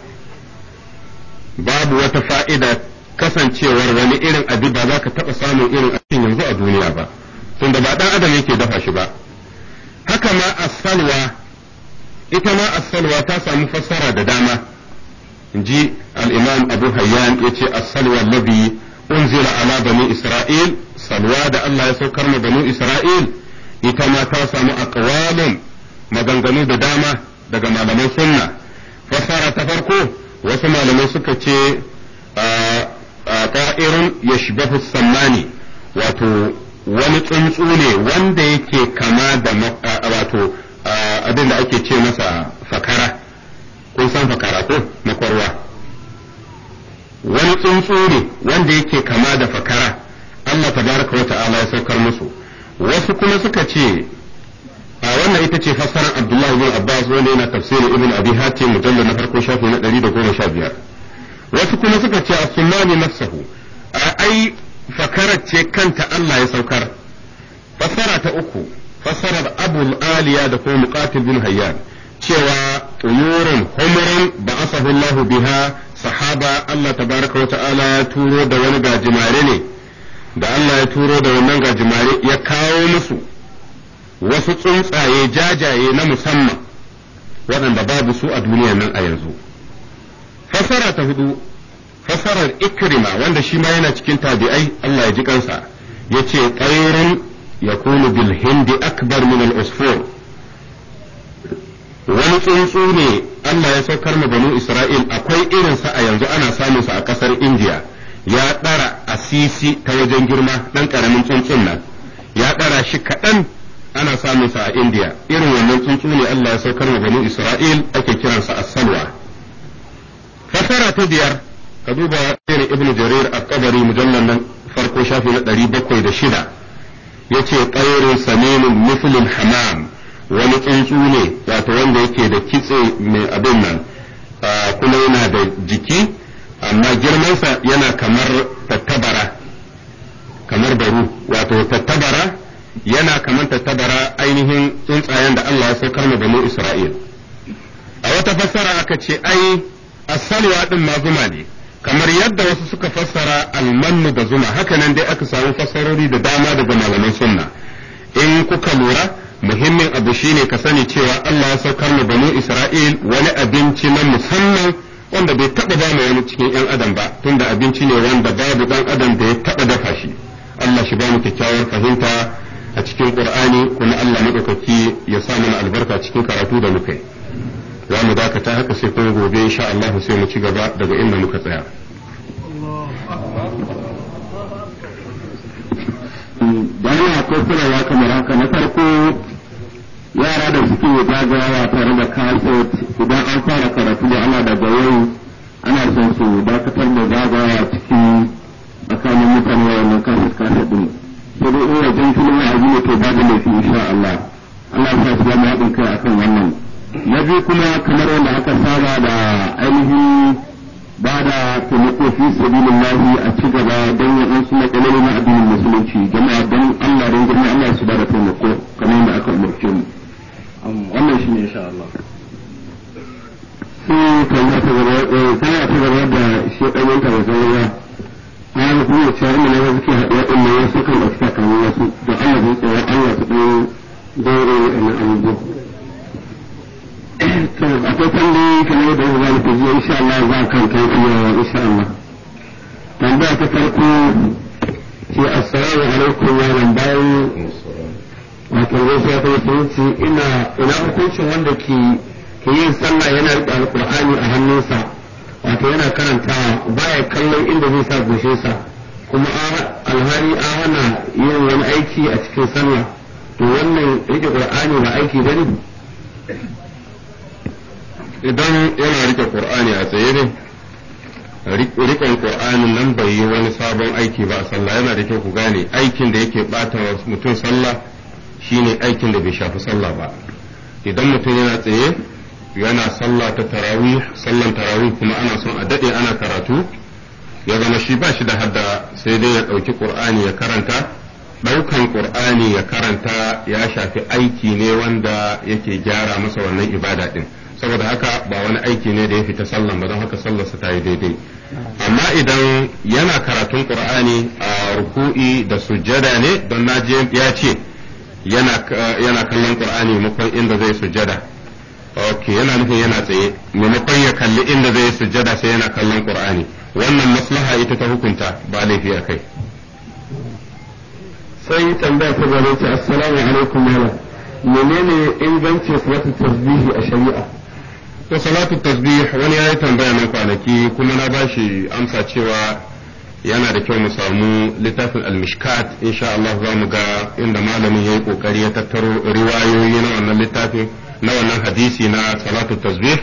babu wata fa'ida kasancewar wani irin abu da za ka taɓa samun irin abin yanzu a duniya ba da ba ɗan adam yake dafa shi ba haka ma asalwa ita ma asalwa ta samu fassara da dama ji al'imam abu hayyan ya ce asalwa labi unzila ala bani isra'il salwa da allah ya saukar ma bani isra'il ita ma ta samu aqwalun maganganu da dama daga malaman sunna fassara ta farko wasu malamai suka ce ƙa'irun ya shiga sammani wato wani tsuntsu ne wanda yake kama da wato abin da ake ce masa fakara kun san fakara ko makwarwa wani tsuntsu ne wanda yake kama da fakara Allah tabaraka wa ta'ala ya saukar musu wasu kuma suka ce wannan ita ce fassarar Abdullahi bin Abbas wanda yana tafsirin Ibn Abi Hatim mujallal na farko shafi na 115 wasu kuma suka ce as-sunani nafsuhu ai fakarar ce kanta Allah ya saukar fassara ta uku fassarar Abu Aliya da kuma Muqatil bin Hayyan cewa tuyurun humrun ba asahu Allah biha sahaba Allah tabaraka wa ta'ala ya turo da wani gajimare ne da Allah ya turo da wannan gajimare ya kawo musu wasu tsuntsaye jajaye na musamman waɗanda babu su a duniya nan a yanzu fasara ta hudu fasarar ikrima wanda shi ma yana cikin tabi'ai Allah ya ji kansa yace qayrun yakunu bil hindi akbar min al usfur wani tsuntsu ne Allah ya saukar ma banu Isra'il akwai irinsa a yanzu ana samun sa a ƙasar Indiya. ya dara asisi ta wajen girma ɗan ƙaramin tsuntsun nan ya dara shi kaɗan ana samun sa a indiya irin wannan tsuntsu ne allah ya saukar wa bani isra'il ake kiransa as-salwa fasara ta biyar ka duba irin ibn jarir a tabari mujallal nan farko shafi na bakwai 706 yace qayrun saminun mithlul hamam wani tsuntsu ne wato wanda yake da kitse mai abin nan kuma yana da jiki amma girmansa yana kamar tattabara kamar baru wato tattabara yana kamanta tabara ainihin tsuntsayen da Allah ya saukar mu banu Isra'il a wata fassara aka ce ai asalwa din ma zuma ne kamar yadda wasu suka fassara almannu da zuma haka nan dai aka samu fassarori da dama daga malaman sunna in kuka lura muhimmin abu shine ka sani cewa Allah ya saukar mu banu Isra'il wani abinci na musamman wanda bai taba ba mu wani cikin yan adam ba tunda abinci ne wanda babu dan adam da ya taba dafa shi Allah shi ba mu kyakkyawar fahimta a cikin ƙur'ani kuma Allah madaukaki ya sa mana albarka cikin karatu da muka yi za mu dakata haka sai kuma gobe sha Allah sai mu ci gaba daga inda muka tsaya bayan akwai ya kamar haka na farko yara da suke zagawa tare da kaset idan an fara karatu da ana daga yau ana son su dakatar da zagawa cikin tsakanin mutane wayannan kaset kaset din sai ina in wajen filin wa'azi ne to babu laifi insha Allah Allah ya sa mu haɗin kai akan wannan na biyu kuma kamar wanda aka saba da ainihin ba da taimako fi sabilin lahi a ci gaba don waɗansu matsaloli na addinin musulunci jama'a don Allah don girma Allah su ba da taimako kamar yadda aka umarce mu wannan shi ne insha Allah sai kan eh, ta gaba da shi ɗan ta da sauran na da kuma cewa inda na suke haɗuwa ɗin nan wasu kan ɗauki takalmi wasu da Allah zai tsaya Allah su ɗan dore waɗannan abubuwa. to akwai tambayoyi kamar yadda yau za mu ta jiya insha Allah za a kan kai fiye tambaya ta farko ce assalamu ina ina hukuncin wanda ke yin sallah yana riƙe alƙur'ani a hannunsa wato yana karantawa baya kallon inda zai sa sa kuma alhali an hana yin wani aiki a cikin sallah to wannan rike qur'ani ba aiki bane idan yana rike qur'ani a tsaye ne rikon qur'anin nan bai yi wani sabon aiki ba a sallah yana da kyau ku gane aikin da yake bata mutum sallah shine aikin da bai shafi sallah ba idan mutum yana tsaye yana sallah ta tarawih sallan tarawih kuma ana son a daɗe ana karatu ya zama shi ba shi da hadda sai dai ya ɗauki ƙur'ani ya karanta ɗaukan ƙur'ani ya karanta ya shafi aiki ne wanda yake gyara masa wannan ibada ɗin saboda haka ba wani aiki ne da ya fita sallan ba don haka sallarsa ta yi daidai amma idan yana karatun ƙur'ani a ruku'i da sujjada ne don naje ya ce yana kallon ƙur'ani makon inda zai sujjada okay yana nufin yana tsaye maimakon ya kalli inda zai sujjada sai yana kallon qur'ani wannan maslaha ita ta hukunta ba laifi a kai sai tambaya ta gaba ce assalamu alaikum malam menene ingancin salatu tasbihi a shari'a to salatu tasbih wani ya yi tambaya nan kwanaki kuma na bashi amsa cewa yana da kyau mu samu littafin al-mishkat insha Allah za mu ga inda malamin ya yi kokari ya tattaro riwayoyi na wannan littafin na wannan hadisi na salatu tasbih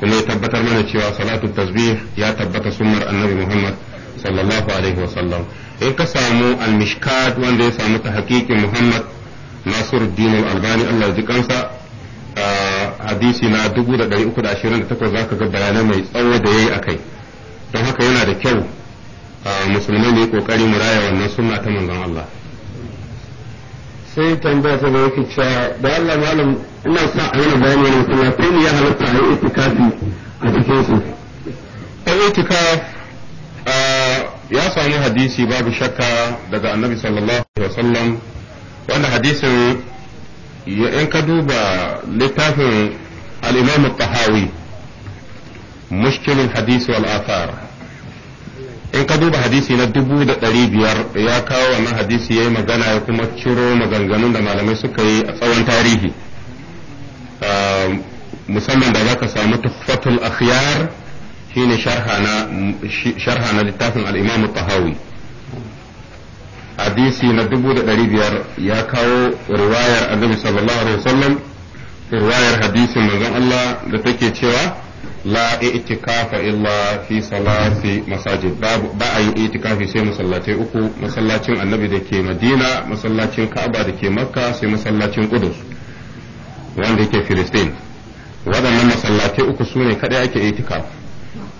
kuma ya tabbatar mana cewa salatu tasbih ya tabbata sunnar annabi Muhammad sallallahu alaihi wasallam in ka samu al-mishkat wanda ya samu ta hakiki Muhammad Nasiruddin al-Albani Allah ya ji kansa hadisi na 328 zaka ga bayanai mai tsawo da yayi akai don haka yana da kyau musulmai ne kokari mu raya wannan sunna ta manzon Allah sai tambaya ta da yake cewa da Allah malam ina sa a yana bayani ne kuma sai ya halatta a yi itikafi a cikin su ai itikaf ya samu hadisi babu shakka daga annabi sallallahu alaihi wasallam wanda hadisin in ka duba littafin al-imam at-tahawi mushkilul hadisi wal athar in ka duba hadisi na dubu da ɗari biyar ya kawo wannan hadisi ya yi magana ya kuma ciro maganganun da malamai suka yi a tsawon tarihi musamman da za ka samu tuhfatul akhyar shine sharha na littafin al'imamu tahawi hadisi na dubu da ɗari biyar ya kawo riwayar annabi sallallahu alaihi wasallam riwayar hadisin manzon Allah da take cewa la itikafa illa fi salati masajid ba a yin itikafi sai masallatai uku masallacin annabi da ke madina masallacin ka'aba da ke makka sai masallacin kudus wanda yake filistin waɗannan masallatai uku su ne kaɗai ake itikaf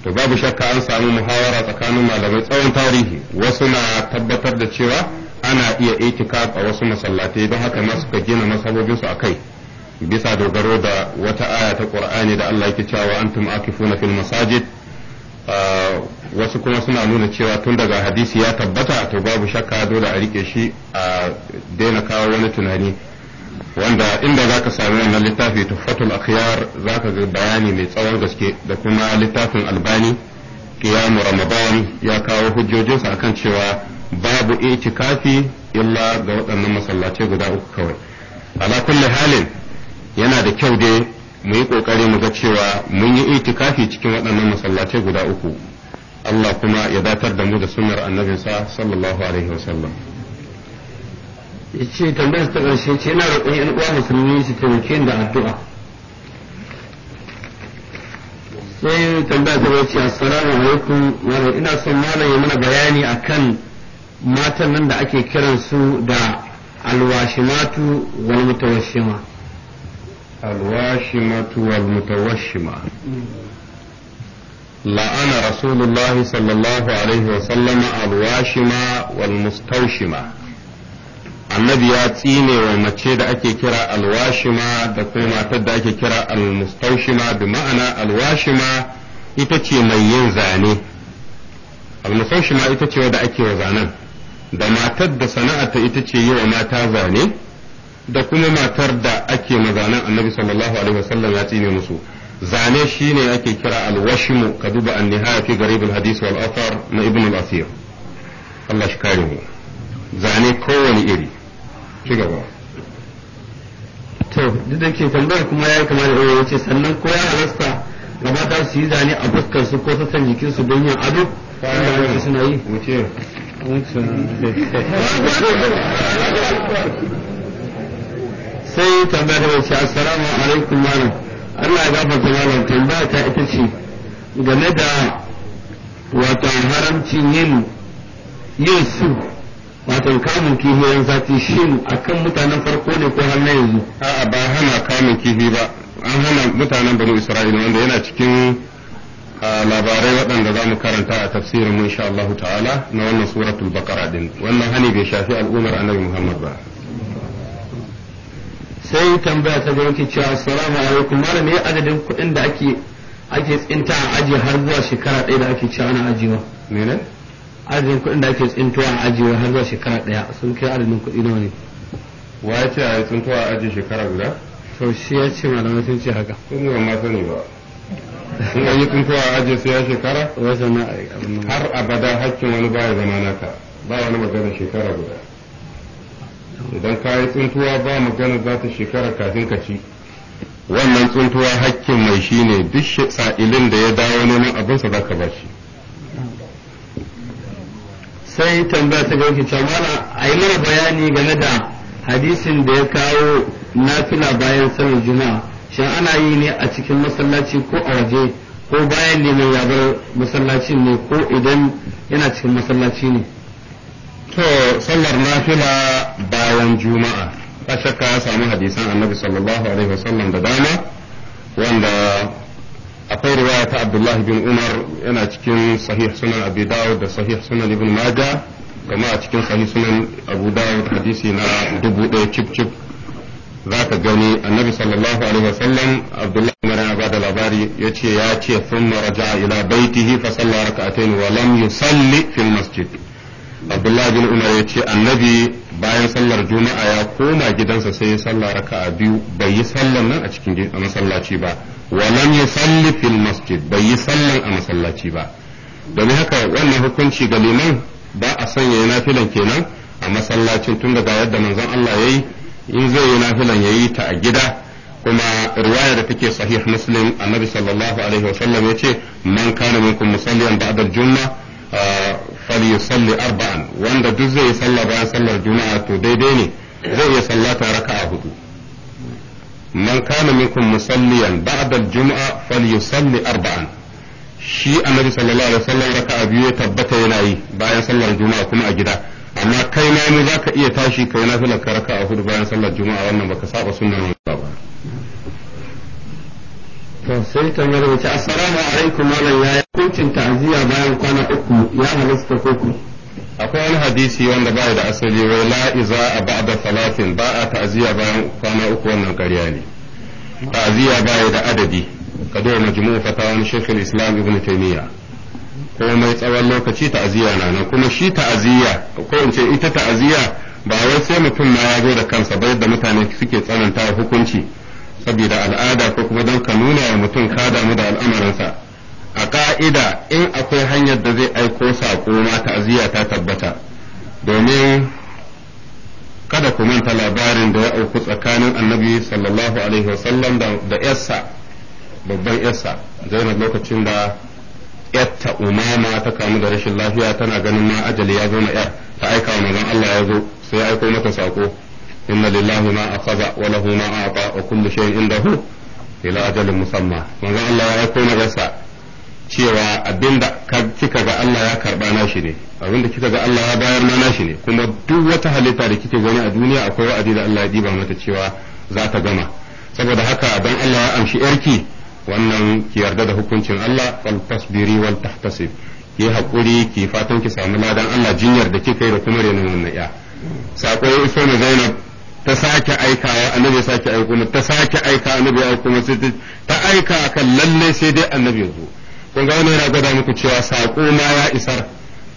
to babu shakka an samu muhawara tsakanin malamai tsawon tarihi wasu na tabbatar da cewa ana iya itikaf a wasu masallatai don haka ma suka gina masabobinsu a kai bisa dogaro da wata aya ta qur'ani da Allah yake cewa antum akifuna fil masajid ah, wasu kuma suna nuna cewa tun daga hadisi ya tabbata to babu shakka dole a rike shi a daina kawo wani tunani wanda inda za ka sami wannan littafi tuffatul akhyar za ka ga bayani mai tsawon gaske da kuma littafin albani qiyamu ramadan ya kawo hujjojinsa akan cewa babu itikafi illa ga waɗannan masallace guda uku kawai ala kulli halin yana da kyau dai mu yi ƙoƙari mu ga cewa mun yi itikafi cikin waɗannan masallatai guda uku Allah kuma ya datar da mu da sunnar annabinsa sallallahu alaihi wasallam yace tambayar ta ƙarshe ce yana roƙon ƴan uwa musulmi su taimake da addu'a sai tambayar ta ce assalamu alaikum malam ina son malam ya mana bayani akan matan nan da ake kiransu da alwashimatu wal mutawashima الواشمة والمتوشمة لعن رسول الله صلى الله عليه وسلم الواشمة والمستوشمة annabi ya tsine wa mace da ake kira alwashima da kuma matar da ake kira almustaushima bi ma'ana alwashima ita ce mai yin zane almustaushima ita ce wadda ake wa zanen da matar da sana'ata ita ce yi wa mata zane da kuma matar da ake mazanen annabi sallallahu alaihi wasallam ya tsine musu zane shine ake kira alwashimu ka duba an nihaya fi garib alhadis wal athar na ibn al-asir Allah shi kare mu zane kowane iri ci gaba to duk da ke tambayar kuma yayi kamar da wace sannan ko ya rasta gaba ta su yi zane a fuskar su ko sassan jikin su don yin ado wanda suna yi wuce sai bada da wace assalamu alaikum malam Allah ya gafarta malam tambaya ta ita ce game da wato haramcin yin yin su wato kamun kifi yan sati shin akan mutanen farko ne ko har na yanzu a'a ba hana kamun kifi ba an hana mutanen banu isra'ila wanda yana cikin labarai waɗanda za mu karanta a tafsirin mu insha Allah ta'ala na wannan suratul baqara din wannan hani bai shafi al'ummar annabi Muhammad ba sai tambaya ta gaba ke cewa salamu alaikum malam me adadin kuɗin da ake ake tsinta a aji har zuwa shekara ɗaya da ake cewa ana ajiyewa mene adadin kuɗin da ake tsintuwa a ajiyewa har zuwa shekara ɗaya sun kai adadin kuɗi nawa ne wa ya ce a yi tsintuwa a aji shekara guda to shi ya ce malamai sun ce haka Kun yi ma sani ba sun yi tsintuwa a aji sai ya shekara har abada hakkin wani baya zama naka ba wani magana shekara guda idan ka yi tsuntuwa ba magana za ta shekara kafin ka ci wannan tsuntuwa hakkin mai shi ne duk sa'ilin da ya dawo neman abinsa za ka ba shi sai tambaya ta gauki cewa a yi mana bayani game da hadisin da ya kawo nafila bayan sanin juma'a shin ana yi ne a cikin masallaci ko a waje ko bayan neman ya bar masallacin ne ko idan yana cikin masallaci ne to sallar nafila bayan juma'a ka shakka samu hadisan annabi sallallahu alaihi wasallam da dama wanda akwai riwaya ta abdullahi bin umar yana cikin sahih sunan abi dawud da sahih sunan ibn maja kama a cikin sahih sunan abu dawud hadisi na dubu ɗaya cip cip za ka gani annabi sallallahu alaihi wasallam abdullahi umar ya bada labari ya ce ya ce thumma raja'a ila baitihi fa salla raka'atayn wa lam yusalli fil masjid abdullahi bin umar ya ce annabi bayan sallar juma'a ya koma gidansa sai ya salla raka'a biyu bai yi sallan nan a cikin masallaci ba walam ya salli fil masjid bai yi sallan a masallaci ba domin haka wannan hukunci ga liman ba a sanya yana filan kenan a masallacin tun daga yadda manzon Allah ya yi in zai yana filan ya yi ta a gida kuma riwaya da take sahih muslim annabi sallallahu alaihi wasallam ya ce man kana minkum musalliyan ba'da al-jumma فليصلي أربعا وأن دزي يصلى بعد صلى الجمعة ديديني زي صلاة ركعة هدو من كان منكم مصليا بعد الجمعة فليصلي arba'an. shi annabi sallallahu alaihi raka raka'a biyu ya tabbata yana yi bayan sallar juma'a kuma a gida amma kai na mu zaka iya tashi kai na filar ka raka'a hudu bayan sallar juma'a wannan baka saba sunnan ba to sai tambayar mace assalamu alaikum malam ya hukuncin ta'aziyya bayan kwana uku ya halasta koko akwai wani hadisi wanda baya da asali wai la iza a ba'da salatin ba a ta'aziyya bayan kwana uku wannan ƙarya ne ta'aziyya baya da adadi ka dole fata wani shekul islam ibn taymiya komai tsawon lokaci ta'aziyya na nan kuma shi ta'aziyya ko in ce ita ta'aziyya ba wai sai mutum ma ya zo da kansa ba yadda mutane suke tsananta hukunci saboda al'ada ko kuma don ka nuna ya mutum ka damu da al'amarinsa a ka'ida in akwai hanyar da zai aiko saƙo ma ta'aziyya ta tabbata domin kada ku manta labarin da ya auku tsakanin annabi sallallahu alaihi wasallam da yarsa babban yarsa zainab lokacin da yatta umama ta kamu da rashin lafiya tana ganin ma ajali ya zo na yar ta aika wa manzon Allah ya zo sai ya aiko mata saƙo inna lillahi ma akhadha wa lahu ma a'ta wa kullu shay'in indahu ila ajalin musamma manzon Allah ya aiko magarsa cewa abinda kika ga Allah ya karba nashi ne abinda kika ga Allah ya bayar mana shi ne kuma duk wata halitta da kike gani a duniya akwai wa'adi da Allah ya diba mata cewa za ta gama saboda haka dan Allah ya amshi yarki wannan ki yarda da hukuncin Allah wal tasbiri wal tahtasib ki hakuri ki fatan ki samu ladan Allah jinyar da kika yi da kuma renin wannan ya sako ya na Zainab ta sake aika annabi ya sake aiko mata ta sake aika annabi ya aiko mata sai ta aika kan lalle sai dai annabi ya zo kun ga wannan yana gwada muku cewa sako ma ya isar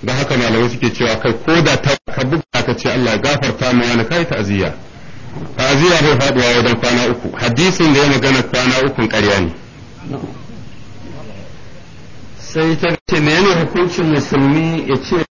da haka malamai suke cewa kai ko da ta ka buga ka ce Allah gafarta ma wani kai ta aziya. ta aziya bai faduwa wajen kwana uku hadisin da ya magana kwana uku ƙarya ne sai ta ce menene hukuncin musulmi ya ce